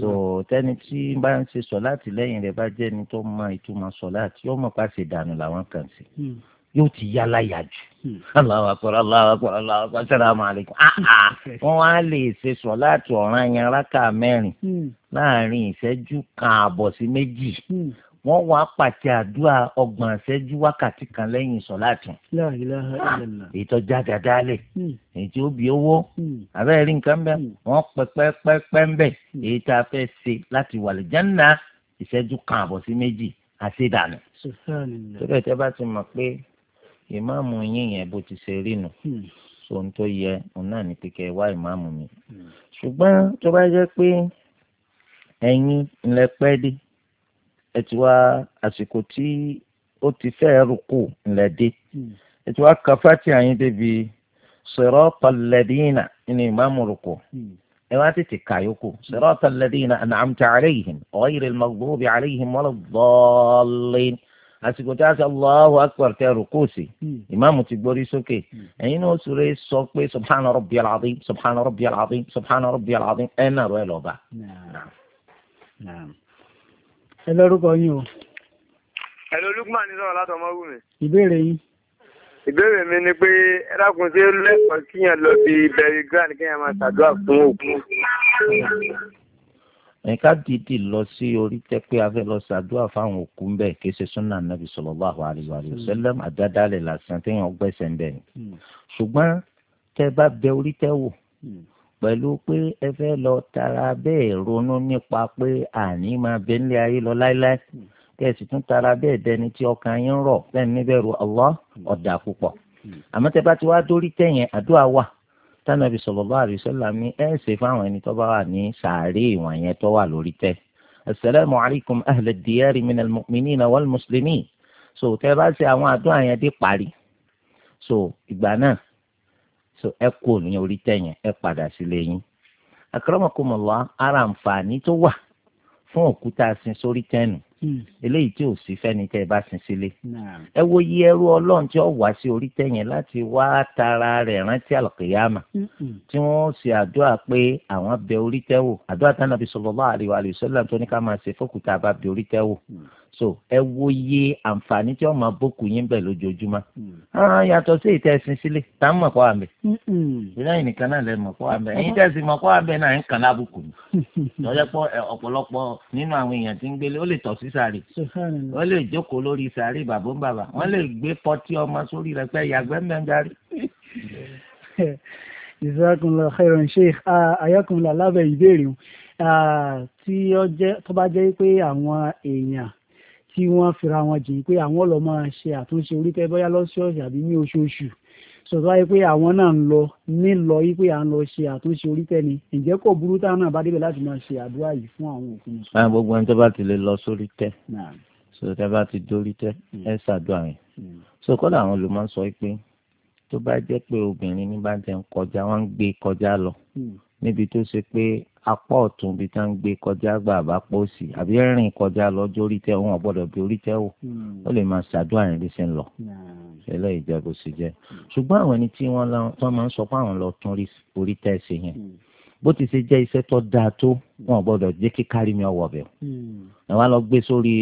so tẹ́ni tí bá ń ṣe sọ láti lẹ́yìn rẹ̀ bá jẹ́ ni tó mọ ìtumọ̀ sọ láti yóò mọ̀ pàṣẹ dànù làwọn kan sí hmm. yóò ti yálà yà jù. aláwa kọ́ra aláwa kọ́ra aláwa kọ́ra sàlámù alaykum. Ah, ah. Hmm. wọ́n á lè ṣe sọ láti ọ̀ràn yẹn rákà mẹ́rin hmm. láàrin ìṣẹ́jú kan àbọ̀ sí méjì wọ́n wá pàtẹ àdúrà ọgbọ̀n àṣẹ́jú wákàtí kan lẹ́yìn sọ̀láàtì. èyí tó já dáadáa lẹ̀ hmm. èyí tí ó bí owó hmm. abẹ́rẹ́ rí nǹkan bẹ́ẹ̀ hmm. wọ́n pẹ́pẹ́pẹ́pẹ́ ń bẹ̀ èyí tá a fẹ́ ṣe láti wà lẹ́jẹ̀nà ìṣẹ́jú kan àbọ̀ sí méjì àṣedànù. síbẹ̀ tẹ́ bá ti mọ̀ pé ìmáàmù yín yẹn bó ti ṣe rí nù sóhun tó yẹ òun náà ní kíkẹ́ wá ìmáàmù mi. ṣùgbọ́n tó bá jẹ́ pé ẹ̀yin ńlẹ pẹ́ dé ẹ ti wá àsìkò tí ó ti fẹ́ rúkú ńlẹ́dẹ́ hmm. ẹ ti wá ka fatiha yín débi siratal ladina ní ìmáàmù rúkú hmm. ẹ wá tètè kà yókù siratal ladina an'amta alayhim ghayril maghdubi alayhim waladdallin àsìkò tí a sọ Allahu akbar rúkú sí hmm. ìmáàmù ti gbórí sókè ẹ̀yin náà sọ̀rọ̀ sọ pé subhana rabbiyal azim subhana rabbiyal azim subhana rabbiyal azim ẹ̀ ẹ lórúkọ yín o. ẹ̀lú olúkúmọ̀ ní sọ̀rọ̀ látọ̀ ọmọ wùmí. ìbéèrè yín. ìbéèrè mi ni pé ẹ̀dàkùn tí ó lẹ́kọ̀ọ́ kíyàn lọ bí bẹ̀rẹ̀ grand kíyàn máa ṣàdúrà fún òkú. ẹ̀ka dìídì lọ sí orí tẹ́ pé a fẹ́ lọ ṣàdúrà fáwọn òkú ń bẹ̀ kí ṣe súnà nàbì sallallahu alaihi wa sallam àdádálẹ̀ lásán téèyàn gbẹ̀sẹ̀ ń bẹ̀ ni. Hmm. ṣùgbọ́n tẹ́ bá bẹ orí tẹ́ hmm pẹ̀lú pé ẹ fẹ́ lọ tara bẹ́ẹ̀ ronú nípa pé àní máa bẹ nílé ayé lọ láéláé kẹ̀sì tún tara bẹ́ẹ̀ dẹni tí ọkàn yín rọ̀ bẹ́ẹ̀ níbẹ̀ ru Allah ọ̀dà púpọ̀ àmọ́ tẹ bá ti wá dórí tẹ̀yìn àdúrà wà tánàbí sallallahu alaihi wasallam ní ẹ ṣe fáwọn ẹni tó bá wà ní sàárè ìwọ̀n yẹn tó wà lórí tẹ̀ asalaamu alaykum ahla diyaari min almu'minina wal muslimin so tẹ bá ṣe àwọn àdúrà yẹn dé parí so ìgbà náà so ẹ kú ní orí tẹ̀yìn ẹ padà sílé yín akramakumullah ara àǹfààní tó wà fún òkúta sin sórí tẹ́nu hmm. eléyìí tí ò sí fẹ́ni tẹ́ ẹ bá sin sílé ẹ wo iye ẹrú ọlọ́run tí ó wá sí orí tẹ̀yìn láti wá tara rẹ̀ rántí àlùkìyàmà tí wọ́n ṣe àdúrà pé àwọn bẹ orí tẹ́wò àdúrà tánàbí sallallahu alaihi wa sallam tó ní ká máa ṣe fókùtà bá bẹ orí tẹ́wò hmm so ẹ wo iye àǹfààní tí wọn máa bókù yín bẹ lójoojúmọ́ hmm. ah, yàtọ̀ sí ìtẹ ẹsìn sílẹ̀ tá ń mọ kọ àmì hmm. ìlànà nìkan náà lẹ mọ kọ àmì ẹ̀yin tẹ ẹsìn mọ kọ àmì náà ń kàn lábùkù ni lọjọ pọ ọ̀pọ̀lọpọ̀ nínú àwọn èèyàn tí ń gbélé ó lè tọ̀ sí sàárè ó lè jókòó lórí sàárè bàbá ń bàbá wọn lè gbé pọtí ọmọ sórí rẹ pé yàgbẹ́ mẹ́ngarí. jazakumullahu khairan sheikh ah, ayakunla lábẹ́ ìbéèrè ah, tí wọ́n fira wọn jìn pé àwọn lọ máa ṣe àtúnṣe orí tẹ́ bóyá lọ́sọ̀ọ̀sẹ̀ àbí ní oṣooṣù sọ̀tọ́ ayé pé àwọn náà ń lọ nílọ yí pé à ń lọ ṣe àtúnṣe orí tẹ́ni ǹjẹ́ kò burú táwọn náà bá débẹ̀ láti máa ṣe àdúrà yìí fún àwọn òkú. báyọ̀ gbogbo ẹni tó bá ti lè lọ sórí tẹ́ sọ tẹ́ bá ti dórí tẹ́ hmm. ẹ ṣàdúrà yẹn hmm. sọ kọ́dà àwọn olùmọ̀ sọ pé tó bá jẹ́ pé obìnrin ní bá jẹun kọjá wọ́n ń gbé kọjá lọ. Hmm níbi tó ṣe pé apá ọ̀tún ibi tá ń gbé kọjá gba àbápọ̀ òsì àbí rìn kọjá lọ́jọ́ orí tẹ́ wọn gbọ́dọ̀ bí orí tẹ́ wò hmm. ó lè máa ṣàdúrà yẹn bí ṣe ń lọ ṣẹlẹ̀ hmm. ìjẹ́ bó ṣe jẹ́ hmm. ṣùgbọ́n àwọn ẹni tí wọ́n máa ń sọ pé àwọn lọ tún orí tẹ́ ṣe yẹn bó ti ṣe jẹ́ iṣẹ́ tó dáa tó wọn gbọ́dọ̀ jẹ́ kí kárí mi ọwọ́ bẹ̀. ẹ wá lọ gbé sórí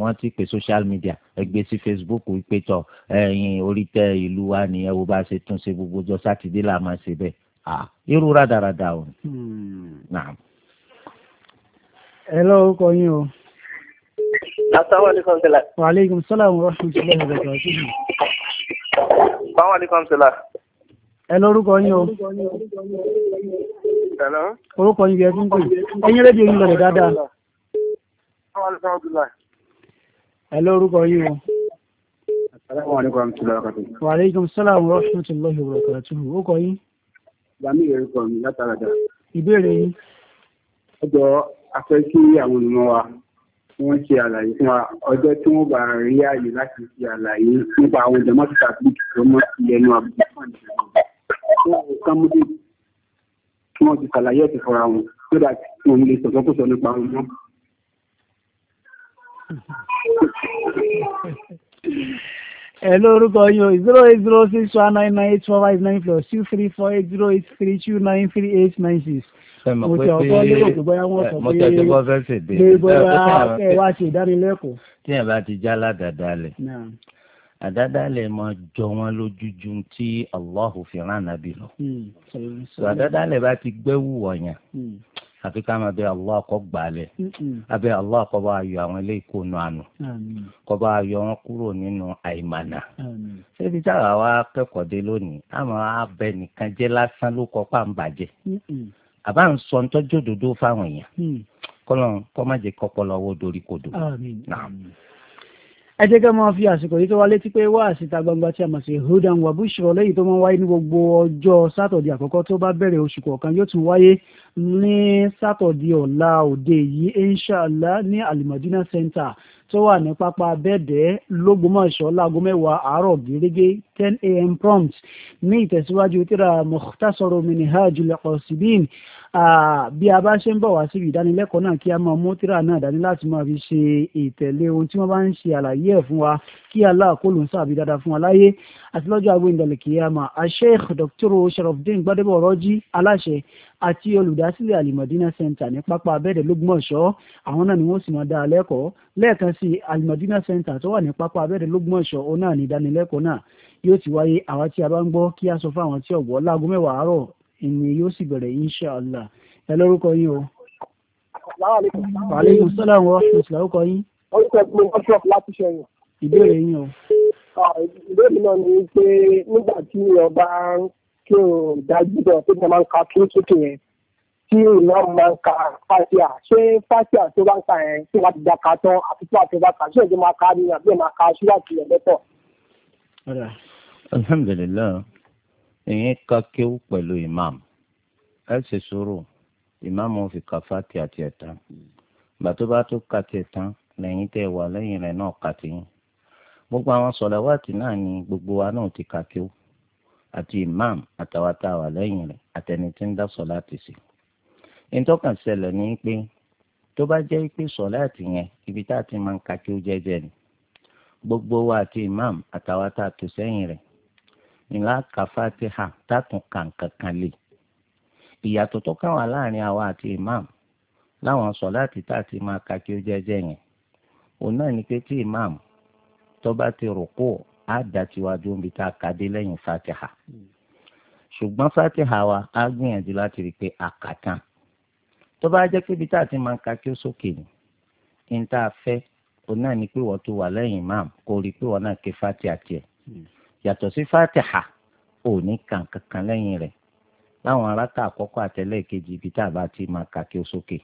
wọn ti pè social media ẹ gbé sí Facebook pé tọ ẹyin orí tẹ ìlú wa nìyẹn wo bá ṣe tún ṣe gbogbo ọjọ́ sátidé là máa ṣe bẹ́ẹ̀ irú rádaràda o. ẹ lọ́wọ́ kọ yín o. asalaamualeykum sila. waaleykum salaam wa rahmatulahi wa barakatuh. salaamualeykum sila. ẹ lórúkọ yín o. orúkọ yín bí ẹ ti ń pè ẹyin rédíò yín lọrẹ dáadáa. ẹ lórúkọ yín o. Wa aleykum salaam wa rahmatulahi wa barakatuh. Ó yín ìdámí ìrẹ́kọ̀ mi látàràdà. ìbéèrè yín. ọjọ́ afẹ́ kí àwọn olùmọ̀ wa wọ́n ṣe àlàyé fún wa ọjọ́ tí wọ́n bá rí ààyè láti ṣe àlàyé nípa àwọn jamaat tablik tó mọ́ sí ẹnu àbúrò fún ìjọba tí wọ́n ti ṣàlàyé ẹ̀sìn fúnra wọn so that wọn lè sọ̀tọ́kùsọ nípa wọn mọ́. ẹ lórúkọ yín zero eight zero six one nine nine eight four five nine plus two three four eight zero eight three two nine three eight nine six. mo ti ọkọ lérò bóyá wọn sọ pé pé bóyá ẹ wá ṣe ìdánilẹ́kọ̀ọ́. tí ẹ bá ti já ládàáda lẹ àdáda lè mọ jọ wọn lójú tí Allahu fi rán nàbí lọ hmm, àdáda lè bá ti gbẹ́wù wọ̀nyàn. Hmm àfi ká máa bẹ Allah kó gbàálẹ̀ abẹ Allah kó bá yọ àwọn ilé ìkónú àná kó bá yọ wọn kúrò nínú àìmànà ṣébi táwa wa kẹ́kọ̀ọ́ dé lónìí àmọ́ abẹ nìkan jẹ́ lásán ló kọ́ pà ń bàjẹ́ àbá ń sọ ń tọ́jú òdodo fáwọn èèyàn mm. kọ́lọ́n kọ́ má jẹ́ kọ́pọ́ lọ́wọ́ dorí kodò ẹ jẹ́ ká máa fi àsìkò yìí tó wá létí pé wá àsìta gbangba tí a mọ̀ sí hudan wa bushra lẹ́yìn tó máa ń wáyé ní gbogbo ọjọ́ sátọ̀dì àkọ́kọ́ tó bá bẹ̀rẹ̀ oṣù kọ̀ọ̀kan yóò tún wáyé ní sátọ̀dì ọ̀la òde yìí inshàlá ní alimadina center tó wà ní pápá bẹ́ẹ̀dẹ́ lógbómọ̀ṣọ́ láago mẹ́wàá àárọ̀ gírígé ten a.m. prompt ní ìtẹ̀síwájú tíra mukhtasaru minhajul qasibin bí a bá ṣe ń bọ̀ wá síbi ìdánilẹ́kọ̀ọ́ náà kí a máa mú tírà náà dání láti máa fi ṣe ìtẹ̀lé ohun tí wọ́n bá ń ṣe àlàyé ẹ̀ fún wa kí aláàkólù ń sàbí dáadáa fún wa láyé àti lọ́jọ́ àgbo ìdàlẹ̀ kìyàmà Sheikh Dr. Sharafdin Gbadebo Ọ̀rọ́jí aláṣẹ àti olùdásílẹ̀ Alimadina Center ní pápá abẹ́ẹ̀dẹ̀ lógúnmọ̀ṣọ́ àwọn náà ni wọ́n sì máa dá a lẹ́kọ̀ọ́ lẹ́ẹ̀kan sí Alimadina Center tó wà ní pápá abẹ́ẹ̀dẹ̀ lógúnmọ̀ṣọ́ òun náà ní ìdánilẹ́kọ̀ọ́ náà yóò ti wáyé àwa tí a bá ń gbọ́ kí a sọ fún àwọn tí ọ̀gbọ́ láago mẹ́wàá àárọ̀ ni yóò sì bẹ̀rẹ̀ inshàlá ẹ lórúkọ yín o. wàhálà ìsọlá wọn ìsọlá ó kọ yín. orúkọ mi wọn tọ́ láti ṣẹyìn. ìbéèrè yín o. ìbéèrè náà ni pé nígbà tí ọba kí o dájú bọ̀ pé mo máa ń ka kí ó sókè yẹn tí ìlọ́run máa ń ka fásíà ṣé fásíà tó bá ń ka yẹn tí wọ́n ti da ka tán àti tí wọ́n ti bá ka ṣé èdè máa ka ni àbí ẹ̀ máa ka ṣúwàtì ẹ̀ lẹ́tọ̀. alhamdulilayi. èyí ka pẹ̀lú ìmáàmù ẹ ṣe sùúrù ìmáàmù fi kàfá tiẹ̀ tiẹ̀ tán ìgbà tó ka tán lẹ́yìn lẹ́yìn rẹ̀ náà gbogbo àwọn sọ̀làwátì náà ni gbogbo wa náà ti ka àti ìmáàmù àtàwọn wà lẹ́yìn rẹ̀ àtẹni tí ń dá sọ̀láàtì sí. ìtọ́kàn ṣẹlẹ̀ ní pé tó bá jẹ́ pé yẹn ibi tá ti máa ń ka jẹ́jẹ́ ni gbogbo wa àti ńlá ka fatiha tátùn kàǹkà kan lè ìyàtọ̀ tó káwà láàrin àwa àti imam láwọn sọ̀láàtì tá a ti máa ka kí ó jẹ́jẹ́ yẹn òun náà ni pé tí imam tó bá ti rùkú á dá tiwájú níbi tá a kà dé lẹ́yìn fatiha ṣùgbọ́n fatiha wa á gbìyànjú láti rí i pé àkàtàn tó bá jẹ́ pé ibi tá a máa ka kí ó sókè ni ní tá a fẹ́ òun náà ni pé wọ́n tó wà lẹ́yìn imam kó rí i pé wọ́n náà ké fatiha tiẹ̀. Hmm yàtọ̀ sí fatiha ò ní kàn kankan lẹ́yìn rẹ̀ láwọn aráka àkọ́kọ́ àtẹlẹ́ kejì ibi tá a bá ti máa kà kí ó sókè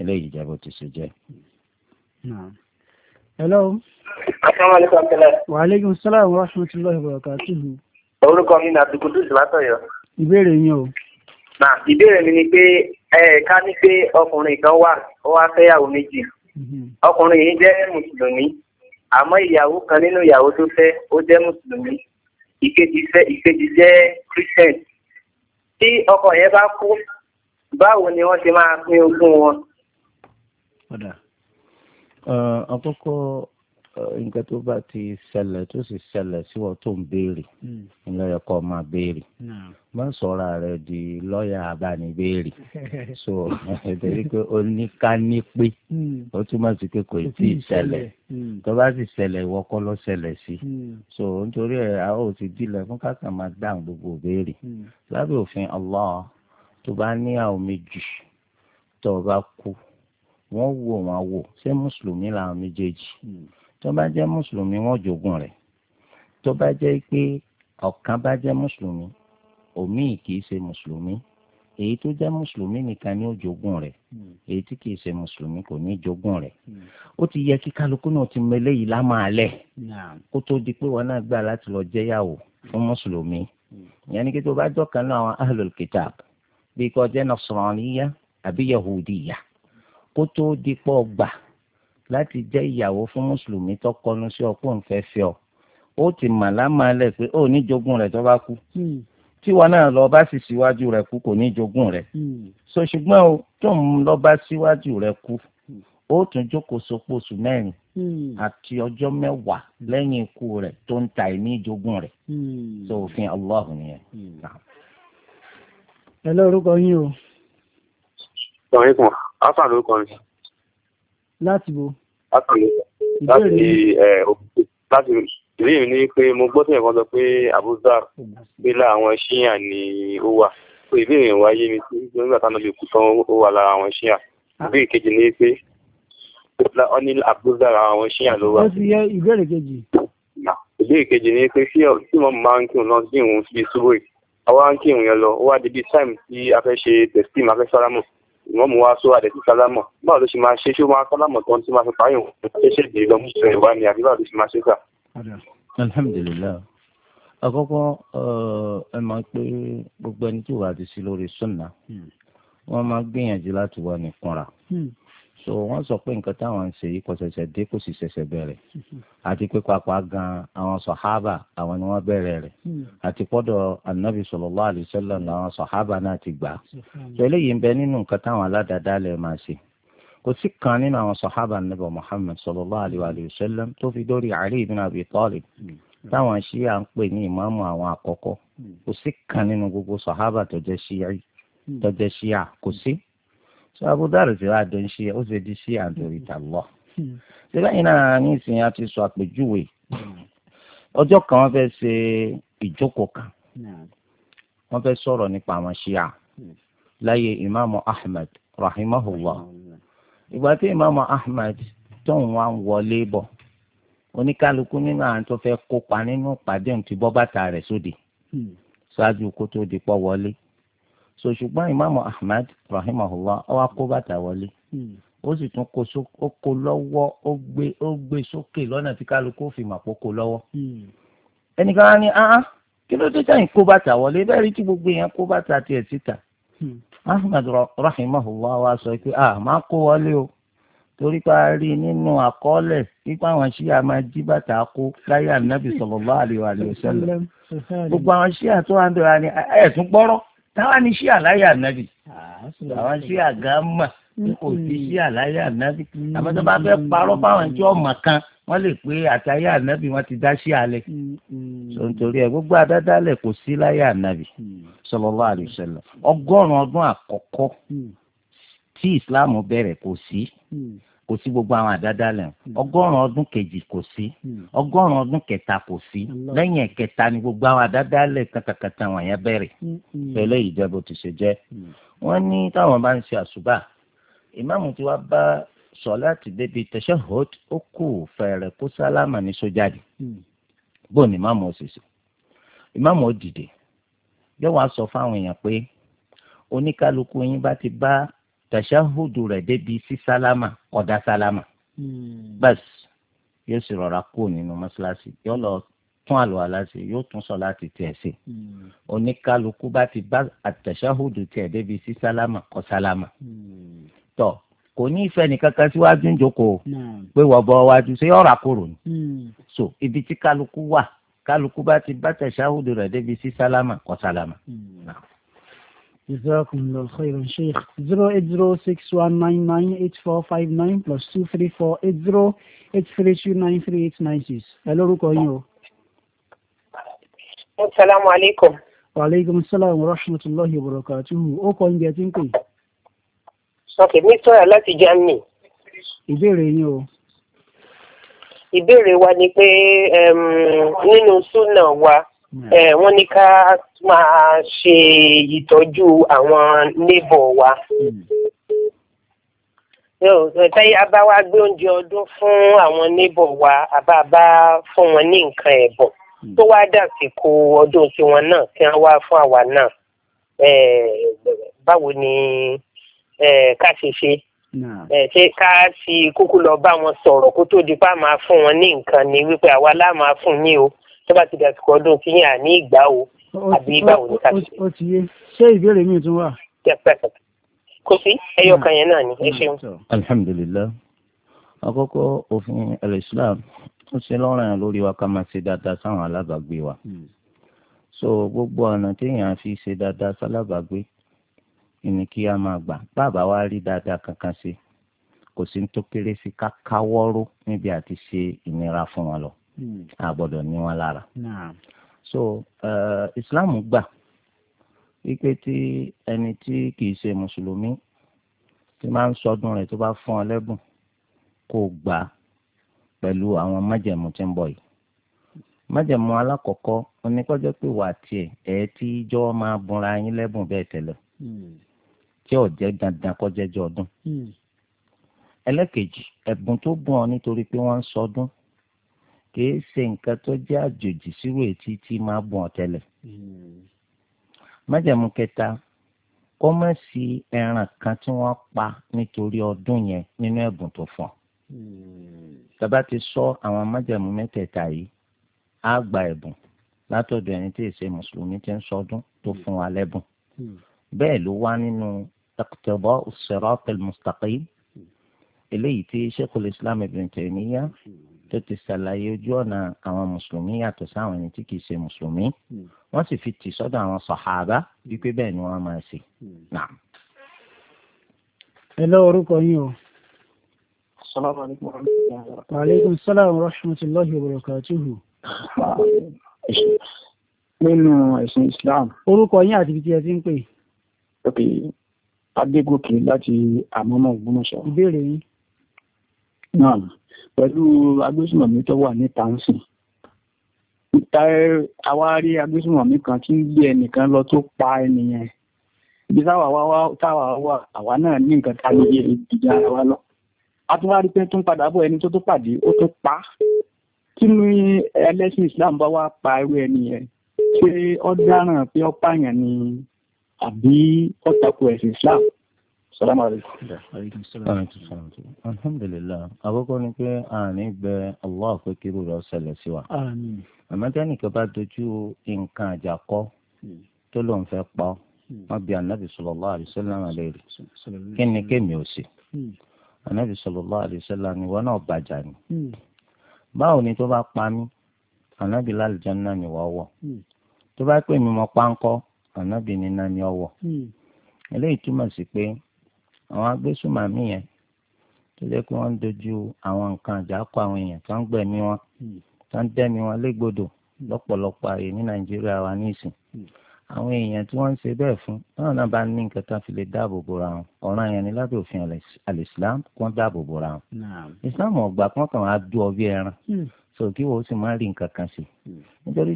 eléyìí jẹ́ bó ti ṣe jẹ́. hello. asalaamualeykum tẹ́lẹ̀. wa aleykum salaam wa rahmatulahi wa barakatuhu. orúkọ mi ni abdulkudus látọ̀yọ́. ìbéèrè yín o. na ìbéèrè mi ni pé ẹ ká ní pé ọkùnrin kan wà ó wá fẹ́yàwó méjì mhm. ọkùnrin yìí jẹ́ mùsùlùmí àmọ́ ìyàwó kan nínú ìyàwó tó fẹ́ ó jẹ́ mùsùlùmí ìkejì fẹ́ ìkejì jẹ́ christian tí ọkọ yẹn bá kú báwo ni wọ́n ti máa pín ogún wọn. ọ̀dà àkọ́kọ́ nǹkan tó bá ti ṣẹlẹ̀ tó sì ṣẹlẹ̀ sí wọn tó ń béèrè ńlọ hmm. yẹ kó máa béèrè má sọ̀rọ̀ rẹ di lọ́ọ̀yà abánibéèrè so ẹ̀dẹ̀rí pé ó ní ká ní pé hmm. ó túmọ̀ sí pé kò tí ì ṣẹlẹ̀ hmm. tó bá sì ṣẹlẹ̀ ìwọ kọ́ ló ṣẹlẹ̀ sí so nítorí ẹ̀ a ó ti dílẹ̀ fún kákan máa dáhùn gbogbo béèrè lábẹ́ òfin Allah tó bá níyàwó méjì tó bá kú wọ́n wò wọ́n wò ṣé mùsùlùmí làwọn méjèèjì tó bá jẹ́ mùsùlùmí wọ́n jogún rẹ̀ tó bá jẹ́ pé ọ̀kan bá jẹ́ mùsùlùmí òmíì kìí ṣe mùsùlùmí èyí tó jẹ́ mùsùlùmí nìkan ni ó jogún rẹ̀ hmm. èyí tí kìí ṣe mùsùlùmí kò ní jogún rẹ̀ hmm. ó ti yẹ kí kálukú náà ti mẹlẹ́ yìí lámàálẹ̀ kó tó di pé wọn náà gbà láti lọ jẹ́yàwó fún mùsùlùmí hmm. ìyẹn ni kí tó bá jọ́kan náà àwọn ahlul bí kò jẹ́ nasraniya àbí yahudiya kó tó di pọ̀ gbà láti jẹ́ ìyàwó fún mùsùlùmí tó kọnu sí ọkọ ńfẹ́ fẹ́ ọ ó ti mà lámàlẹ̀ pé ó ní jogún rẹ̀ tó bá kú hmm. tíwa náà lọ bá sì síwájú rẹ̀ kú kò ní jogún rẹ̀ hmm. so ṣùgbọ́n o tó ń lọ bá síwájú rẹ̀ kú hmm. ó tún jókòó sopọ̀ oṣù mẹ́rin àti ọjọ́ mẹ́wàá lẹ́yìn ikú rẹ̀ tó ń ta ìní ìjogún rẹ̀ so òfin Allah nìyẹn. ẹ lórúkọ yín o. sọ̀rọ̀ ikùn afa lórúkọ mi láti bo. láti láti ìwé mi ni pé mo gbọ́ sẹ́yìn kan sọ pé àbúzá pé láwọn ṣíyà ni ó wà pé ìbéèrè wa yé mi sí nígbà táwọn lè kú tán ó wà lára àwọn ṣíyà ah. ìbéèrè kejì ni pé wọ́n ní àbúzá ara àwọn ṣíyà ló wà. wọ́n ti yẹ ìbéèrè kejì. ìbéèrè kejì ni pé tí mo máa ń kírun lọ sí ìrun bíi súbòrì àwa ń kírun yẹn lọ ó wá di bíi táìmù tí a fẹ́ ṣe tẹ̀sítìmù a fẹ́ sáramù ìwọ́n mú wa sọ àdẹ̀tí sálámọ̀ báwo ló ṣe máa ṣe ṣé ó máa sálámọ̀ tán tí máa fi pààyàn ṣe ṣe dè lọ mùsùlùmí ìwà ni àbí báwo ló ṣe máa ṣe kà. alhamdulilayi àkọ́kọ́ ẹ máa pé gbogbo ẹni tí wàá ti sí lórí sunna hmm. wọ́n máa gbìyànjú láti wà ní fúnra hmm so wọ́n sọ pé nǹkan táwọn ń ṣe yìí kò ṣẹ̀ṣẹ̀ dé kò sì ṣẹ̀ṣẹ̀ bẹ̀rẹ̀ mm-hmm. àti pé pàápàá gan àwọn sọ̀hábà àwọn ni wọ́n bẹ̀rẹ̀ rẹ̀ mm. àti pọ́dọ̀ anabi sallallahu alaihi làwọn sọ̀hábà náà ti gbà so eléyìí ń bẹ nínú nǹkan táwọn aládàádáálẹ̀ máa ṣe kò sí kan nínú àwọn sọ̀hábà níbọ̀ Muhammad sallallahu alaihi wasallam tó fi dórí Ali ibn Abi Talib mm. táwọn ṣíà ń pè ní ìmáàmù àwọn àkọ́kọ́ mm. kò sí kan nínú gbogbo sọ̀hábà tó jẹ́ kò sí so abudar ti wá dé ṣe ó ti di sí àdórí tàlọ síbẹ̀ yìí náà ní ìsìn àti sọ àpèjúwe ọjọ́ kan wọ́n fẹ́ ṣe ìjókòó kan wọ́n fẹ́ sọ̀rọ̀ nípa àwọn ṣíà láyé ìmáàmù ahmed rahimahullah ìgbà tí ìmáàmù ahmed tóun wá ń wọlé bọ̀ oníkálukú nínú àwọn tó fẹ́ kópa nínú ìpàdé ohun tí bọ́ bàtà rẹ̀ sóde ṣáájú kó tó di pọ̀ wọlé. Hmm so ṣùgbọ́n imaamu ahmed rahimahullah ó wá kó bàtà wọlé hmm. ó sì tún kó lọ́wọ́ ó gbé ó gbé sókè lọ́nà tí kálukú fi mà pọ̀ kó lọ́wọ́ hmm. ẹnìkan á ní ahán kí ló dé sẹ́yìn kó bàtà wọlé bẹ́ẹ̀ rí tí gbogbo èèyàn kó bàtà tiẹ̀ síta hmm. ahmed rahimahullah wa sọ pé ah máa kó wọlé o torí pé a rí nínú àkọọ́lẹ̀ pípa àwọn ṣíà máa jí bàtà kó láyé ànábì sallallahu alaihi wa sallam gbogbo àwọn ṣíà tó wà ń dọ̀ra ni ẹ̀sùn táwa ní sí àláyà nàbì àwọn ah, sí àgámà kò sí sí àláyà nàbì àmọ́ tó bá fẹ́ parọ́ fáwọn tí ọmọ kan wọ́n lè pé àtàyà ànábì wọ́n ti dá sí alẹ́ nítorí ẹ gbogbo àdádálẹ̀ kò sí láyà ànábì sallallahu alaihi wasallam ọgọ́rùn-ún ọdún àkọ́kọ́ tí ìsìláàmù bẹ̀rẹ̀ kò sí kò sí gbogbo àwọn àdáda lẹ̀ ọgọ́rùn-ún ọdún kejì kò sí ọgọ́rùn-ún ọdún kẹta kò sí lẹ́yìn ẹ̀kẹta ni gbogbo àwọn àdáda lẹ̀ kàtàkàtà wọ̀nyẹn bẹ̀rẹ̀ pẹ̀lẹ́ ìjẹ́bù ti ṣe jẹ́ wọ́n ní táwọn bá ń ṣe àṣùbà ìmáàmù tí wàá bá sọ̀láàtì débi tashahhud ó kù fẹ̀rẹ̀ kó sálámà ní sójáde bó ni ìmáàmù ó sì sè ìmáàmù ó dìde yóò wá sọ fáwọn èèyàn pé oníkálukú yín bá ti bá tàṣáhùdù rẹ̀ débi sí sálámà ọ̀dà sálámà hmm. bẹ́ẹ̀ yóò sì rọra kú nínú mọ́ṣáláṣí yóò lọ tún àlọ́ aláṣẹ yóò tún sọ láti tiẹ̀ sí hmm. oníkálukú bá ti bá àtàṣáhùdù tiẹ̀ débi sí sálámà kọ́ sálámà hmm. tọ́ kò ní ìfẹ́ nìkankan síwájú ìjókòó pé wọ́n bọ́ wájú ṣé ọ̀rà kúrò ni so ibi tí kálukú wà kálukú bá ti bá tàṣáhùdù rẹ̀ débi sí sálámà kọ́ sálámà. Mm. Jazakumullah khairan Sheikh. 08061998459 plus 2348083293896. Ẹ lórúkọ yín o. Assalamu alaikum. Wa alaikum assalam wa rahmatullahi wa barakatuhu. Ó kọ́ oúnjẹ tí ń pè. Sọ̀kè mi sọ̀rọ̀ láti Germany. Ìbéèrè yín o. Ìbéèrè wa ni pé nínú súnà wa. Hmm. Eh, wọ́n ní ká máa ṣe ìtọ́jú àwọn nébọ̀ wa. Hmm. tẹ́yà bá wá gbé oúnjẹ ọdún fún àwọn nébọ̀ wa àbábá fún wọn ní nǹkan ẹ̀bùn hmm. tó wá dàsìkò ọdún tiwọn náà tí wọ́n wá fún àwa náà eh, báwo ni eh, ká ṣe ṣe ṣé ká fi kúkú lọ bá wọn sọ̀rọ̀ kó tó di pa máa fún wọn ní nǹkan ni wípé àwa lá máa fún yín o tó bá ti dàsìkò ọdún tí yàn á ìgbà o àbí báwo ni ká ṣe. ó ti yé ṣé ìbéèrè mi tún wà. kò sí ẹyọ kan yẹn náà ni ẹ mm, ṣeun. alhamdulilayi àkọ́kọ́ òfin alislam ó ṣe lọ́rùn yẹn lórí wa ká máa ṣe dáadáa sáwọn alábàágbé wa mm. so gbogbo ọ̀nà téèyàn fi ṣe dáadáa sálábàágbé ni kí a máa gbà bàbá wa rí dáadáa kankan ṣe kò sí ní tó kéré sí ká káwọ́rọ́ níbi àti ṣe ìnira fún wọn lọ. Hmm. a gbọ́dọ̀ ní wọn lára. so uh, islam gbà wípé tí ẹni tí kìí ṣe mùsùlùmí tí máa ń sọdún rẹ̀ tó bá fún ọ lẹ́bùn kó gbà pẹ̀lú àwọn májẹ̀mú tí ń bọ̀ yìí májẹ̀mú alákọ̀ọ́kọ́ oníkọ́jọ́ pé wà tiẹ̀ ẹ̀ tí jọ́ máa bunra yín lẹ́bùn bẹ́ẹ̀ tẹ́lẹ̀ hmm. tí ò jẹ́ dandan kọjẹ́jọ́ ọdún hmm. ẹlẹ́kejì ẹ̀bùn tó bùn ọ nítorí pé wọ́n ń sọdún kìí ṣe nǹkan tó jẹ́ àjòjì sírò etí tí máa bùn ọ̀tẹlẹ̀. Hmm. májàmú kẹta kó má sí ẹran kan tí wọ́n pa nítorí ọdún yẹn nínú ẹ̀bùn tó fún ọ. Hmm. tàbá ti sọ àwọn májàmú mẹ́tẹ̀ẹ̀ta yìí á gba ẹ̀bùn látọ̀dọ̀ ẹni tí èsè mùsùlùmí ti ń sọdún tó fún wa lẹ́bùn. Hmm. bẹ́ẹ̀ ló wá nínú taqtaba as-sirat al eléyìí tí sheikhul islam ibn tó ti ṣàlàyé ojú ọ̀nà àwọn mùsùlùmí yàtọ̀ sáwọn ẹni tí kìí ṣe mùsùlùmí hmm. wọ́n sì fi tì sọ́dọ̀ àwọn sàhábà wípé bẹ́ẹ̀ ni wọ́n máa ṣe. Hmm. ẹ lọ orúkọ yín o. salaamu salaam wa rahmatulahi wa barakatuhu. nínú ẹ̀sìn islam. orúkọ yín àti ibi tí ẹ ti láti àmọ́mọ́ ògbómọ̀ṣọ́. ìbéèrè yín. náà pẹ̀lú agbésùmọ̀mí tó wà níta ń sìn àwa rí agbésùmọ̀mí kan tí ń gbé ẹnìkan lọ tó pa ẹnìyẹn ibi táwa wá wá táwa wà àwa náà ní nǹkan tá a níye ìjà wa lọ a tún wá rí pé tó ń padà bọ̀ ẹni tó tó pàdé ó tó pa kí ni ẹlẹ́sìn Islam bá wá pa irú ẹnìyẹn ṣé ó dáràn pé ó pààyàn ni àbí ó tako ẹ̀sìn Islam salamu aleykum. alhamdulilayi àkọ́kọ́ ni pé àní bẹ allah pé kírú rẹ̀ ṣẹlẹ̀ sí wa. àmọ́ tẹ́nìkan bá dojú nǹkan àjàkọ́ hmm. tó ló ń fẹ́ pa hmm. wọ́n bí anabi sallallahu alaihi wasallam hmm. léèrè kí ni kémi ò sí anabi sallallahu alaihi wasallam ni wọn náà bàjá ni báwo ni tó bá pa mí anabi lálùjánnà ni wọ́n wọ̀ tó bá pè mí mọ́ páńkọ́ anabi ni náà ni eléyìí túmọ̀ sí pé àwọn agbésùmàmí yẹn tó jẹ́ pé wọ́n ń dojú àwọn nǹkan àjà kọ àwọn èèyàn tó ń gbẹ̀mí wọn tó ń dẹ́mi wọn légbodò lọ́pọ̀lọpọ̀ ààyè ní nàìjíríà wa ní àwọn èèyàn tí wọ́n ń ṣe bẹ́ẹ̀ fún náà náà bá ní nǹkan fi lè dáàbò bòrà wọn ọ̀ràn yẹn ni lábẹ́ òfin alìsílám kí wọ́n dáàbò bòrà wọn ọ̀gbà kàn ẹran sọ kí wọ́n hmm. sì máa rí nǹkan kan sí hmm. nítorí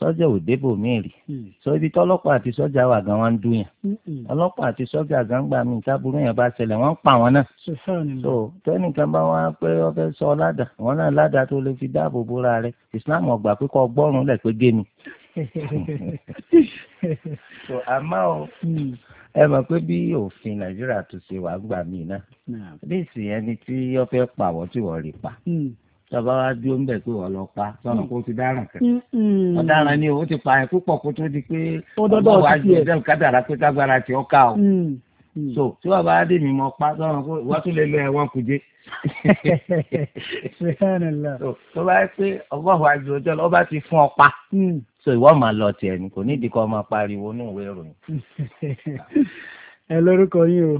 sọ́jà ò débò míì rí hmm. sọ ibi tọ́lọ́pàá àti sọ́jà wà gan wọ́n ń dùn yàn hmm, hmm. ọlọ́pàá àti sọ́jà gan gbà mí bá ṣẹlẹ̀ wọ́n ń pa wọn náà so tẹ́nìkan bá wọn pé wọ́n fẹ́ sọ ládàá wọn náà tó lè fi dáàbò bóra rẹ̀ Islam ọgbà pé gbọ́rùn lẹ̀ pé gé mi. so àmọ́ o ẹ mọ̀ tọba wa dúró ń bẹ pé wọn lọ pa sọnà hmm. kó ti dáràn kẹ hmm. ọ̀daràn ni o ti pa ẹ púpọ̀ kó tó di pé ọba wa ju ẹdẹrù kádàrá pé tágbára tí ó ká o hmm. so tí wọn bá dé mi mọ pa sọnà kó wọn tún lè lọ ẹwọn kùjé tó bá pé ọba wa ju ọjọ́ ọba ti fún ọ pa so ìwọ máa lọ tiẹ̀ ni kò nídìí kọ máa pariwo ní ìwé ìròyìn. ẹ lórúkọ yín o.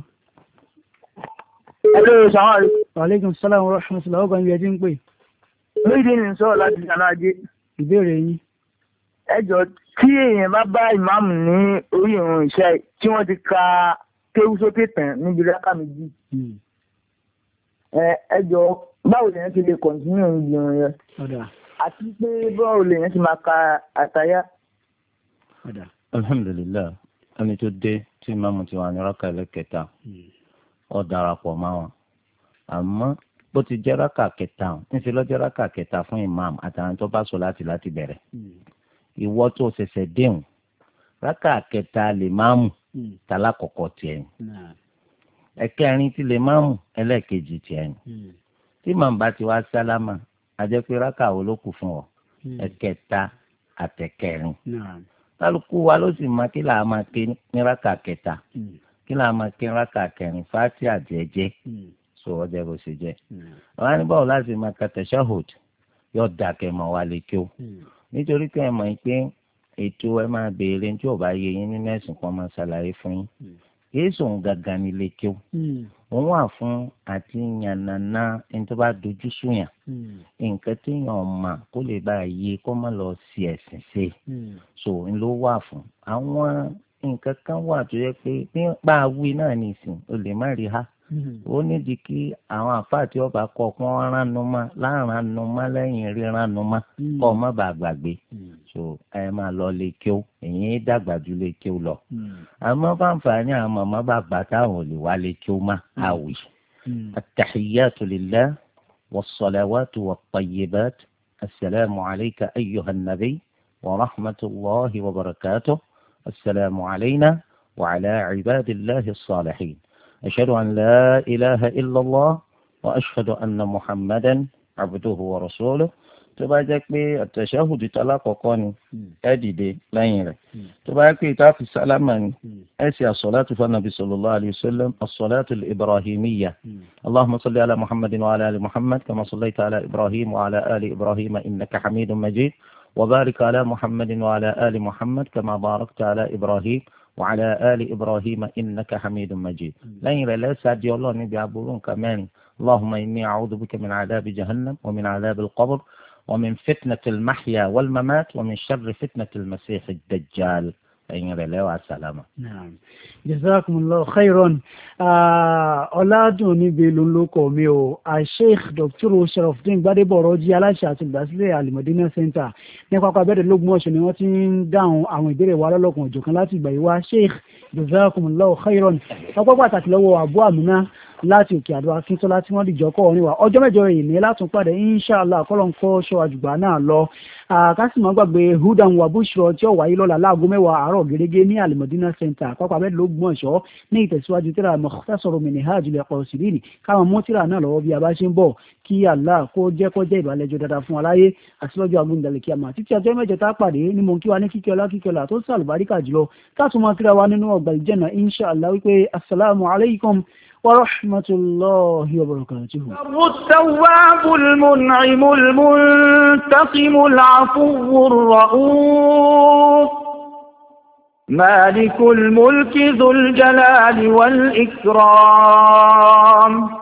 Ẹ̀lú ìṣàwọn àrí. Wàlékún sálàmù rọ̀ṣùn sílẹ̀ ọgbà ń yẹ jí ń pè lóyìnbí ni sọ láti ṣàlàyé. ìbéèrè yín. ẹ jọ tí èèyàn bá bá ìmáàmù ní orí ìrun ìṣe tí wọ́n ti ka kéwú sókè tán níbi rákà méjì. Hmm. ẹ jọ báwo lèyàn ti lè kọ̀ǹtínú ìrìn ìrìn rẹ. àti pé báwo lèyàn ti máa ka àtàyà. alhamdulilayi ẹni tó dé tí ìmáàmù ti wà ní rákà ẹlẹ́kẹta hmm. ó darapọ̀ máa wọn àmọ́ bó ti jẹ́ rákà kẹta ọ̀hún níṣẹ́ lọ́jọ́ rákà kẹta fún imam àtàwọn tó bá sọ láti láti bẹ̀rẹ̀ ìwọ tó ṣẹ̀ṣẹ̀ déhùn rákà kẹta lè máàmù tàlà kọ̀kọ́ tiẹ̀ ni ẹ̀kẹrin ti lè máàmù ẹlẹ́ẹ̀kejì tiẹ̀ ni tí màmú bá ti wá sálámà àjẹpẹ́ rákà wo ló kù fún ọ ẹ̀kẹta àtẹ̀kẹrin kálukú wa ló sì máa kí làá máa ké ní rákà kẹta kí làá máa ké ní rákà kẹrin fáti àjẹjẹ. so ọjọọ bó ṣe jẹ. ọ̀rá hmm. ní báwo láti máa ka tashahud yóò dà kẹ́ mọ̀ wá lè kí o. Hmm. nítorí kẹ́ mọ̀ yín pé ètò ẹ máa béèrè tí ò bá yé yín kan fún yín. yéésù hmm. lè wà fún àti yànnànà ẹni tó bá tí yàn mà kó bá yé kó má sí ẹ̀sìn ṣe. so n ló wà fún àwọn nǹkan kan wà yẹ pé nípa náà nìsín o lè má rí ha. ó nídìí kí àwọn àfáà tí ọba kọ kún wọn ránu mọ láàránu mọ lẹ́yìn ríránu mọ kọ ọ má bàa gbàgbé so ẹ máa lọ lè kí ó èyí dàgbà ju lè kí ó lọ àmọ́ fáǹfààní àwọn màmá bàbá táwọn ò lè wá lè kí ó má àwì at-tahiyyatu lillah was-salawatu alayka ayyuha an wa rahmatullahi wa barakatuh assalamu alayna wa ala ibadillahi as أشهد أن لا إله إلا الله وأشهد أن محمدا عبده ورسوله tó bá jẹ́ pé àtẹ̀ṣẹ́hùdù tálákọ̀ọ́kọ́ ni ẹ dìde lẹ́yìn rẹ̀ tó bá jẹ́ pé ìtàfi sálámà ni ẹ ṣe àsọ̀látù fanabi sallallahu alayhi wa sallam àsọ̀látù ibrahimiyya allahumma salli ala muhammadin wa ala ali muhammad kama sallaita ala ibrahim wa ala ali ibrahim innaka hamidun majid. وبارك على محمد وعلى آل محمد كما باركت على إبراهيم وعلى آل إبراهيم إنك حميد مجيد لن لا سعدي الله نبي عبورون كمان اللهم إني أعوذ بك من عذاب جهنم ومن عذاب القبر ومن فتنة المحيا والممات ومن شر فتنة المسيح الدجال ẹ̀yìn rẹ̀ lẹ́wà sálámà. jazakumullahu khairan ah, ọ̀làdùn níbi lóńlọ́kọ̀ mi o sheikh dr sharafdin gbadebo ọ̀rọ̀jì aláṣẹ àti olùdásílẹ̀ alimọ̀dínà center ní pápá abẹ́rẹ́ lógún ọ̀sẹ̀ ni wọ́n ti ń dáhùn àwọn ìbéèrè wa lọ́lọ́kan òjọ̀kan láti ìgbà yìí wá sheikh jazakumullahu khairan ọpẹ́ pàtàkì lọ́wọ́ àbú àmúná láti òkè àdó akíntola tí wọ́n dìjọ́ kọ́ orin wa ọjọ́ mẹ́jọ yìí ní látún padà inshàlá kọ́lọ́nkọ́ ṣọ àjùgbà náà lọ kásìmọ́ gbàgbé hudan wabushro tí ó wáyé lọ́la láago mẹ́wàá àárọ̀ gẹ́gẹ́ ní alimọ̀dínà center àpapọ̀ abẹ́rẹ́ ló gbọ́n ṣọ́ ní ìtẹ̀síwájú tíra mukhtasar minhajul qasidin káwọn mú tíra náà lọ́wọ́ bí a bá ṣe ń bọ̀ kí Allah kó jẹ́ kó jẹ́ ìbàlẹ́jọ́ dáadáa fún aláyé àtìlọ́jọ́ agúndàlẹ̀ kíama títí wa ní wa nínú ọgbà ìjẹ́nà inshàlá wípé assalamu ورحمة الله وبركاته التواب المنعم المنتقم العفو الرؤوف مالك الملك ذو الجلال والإكرام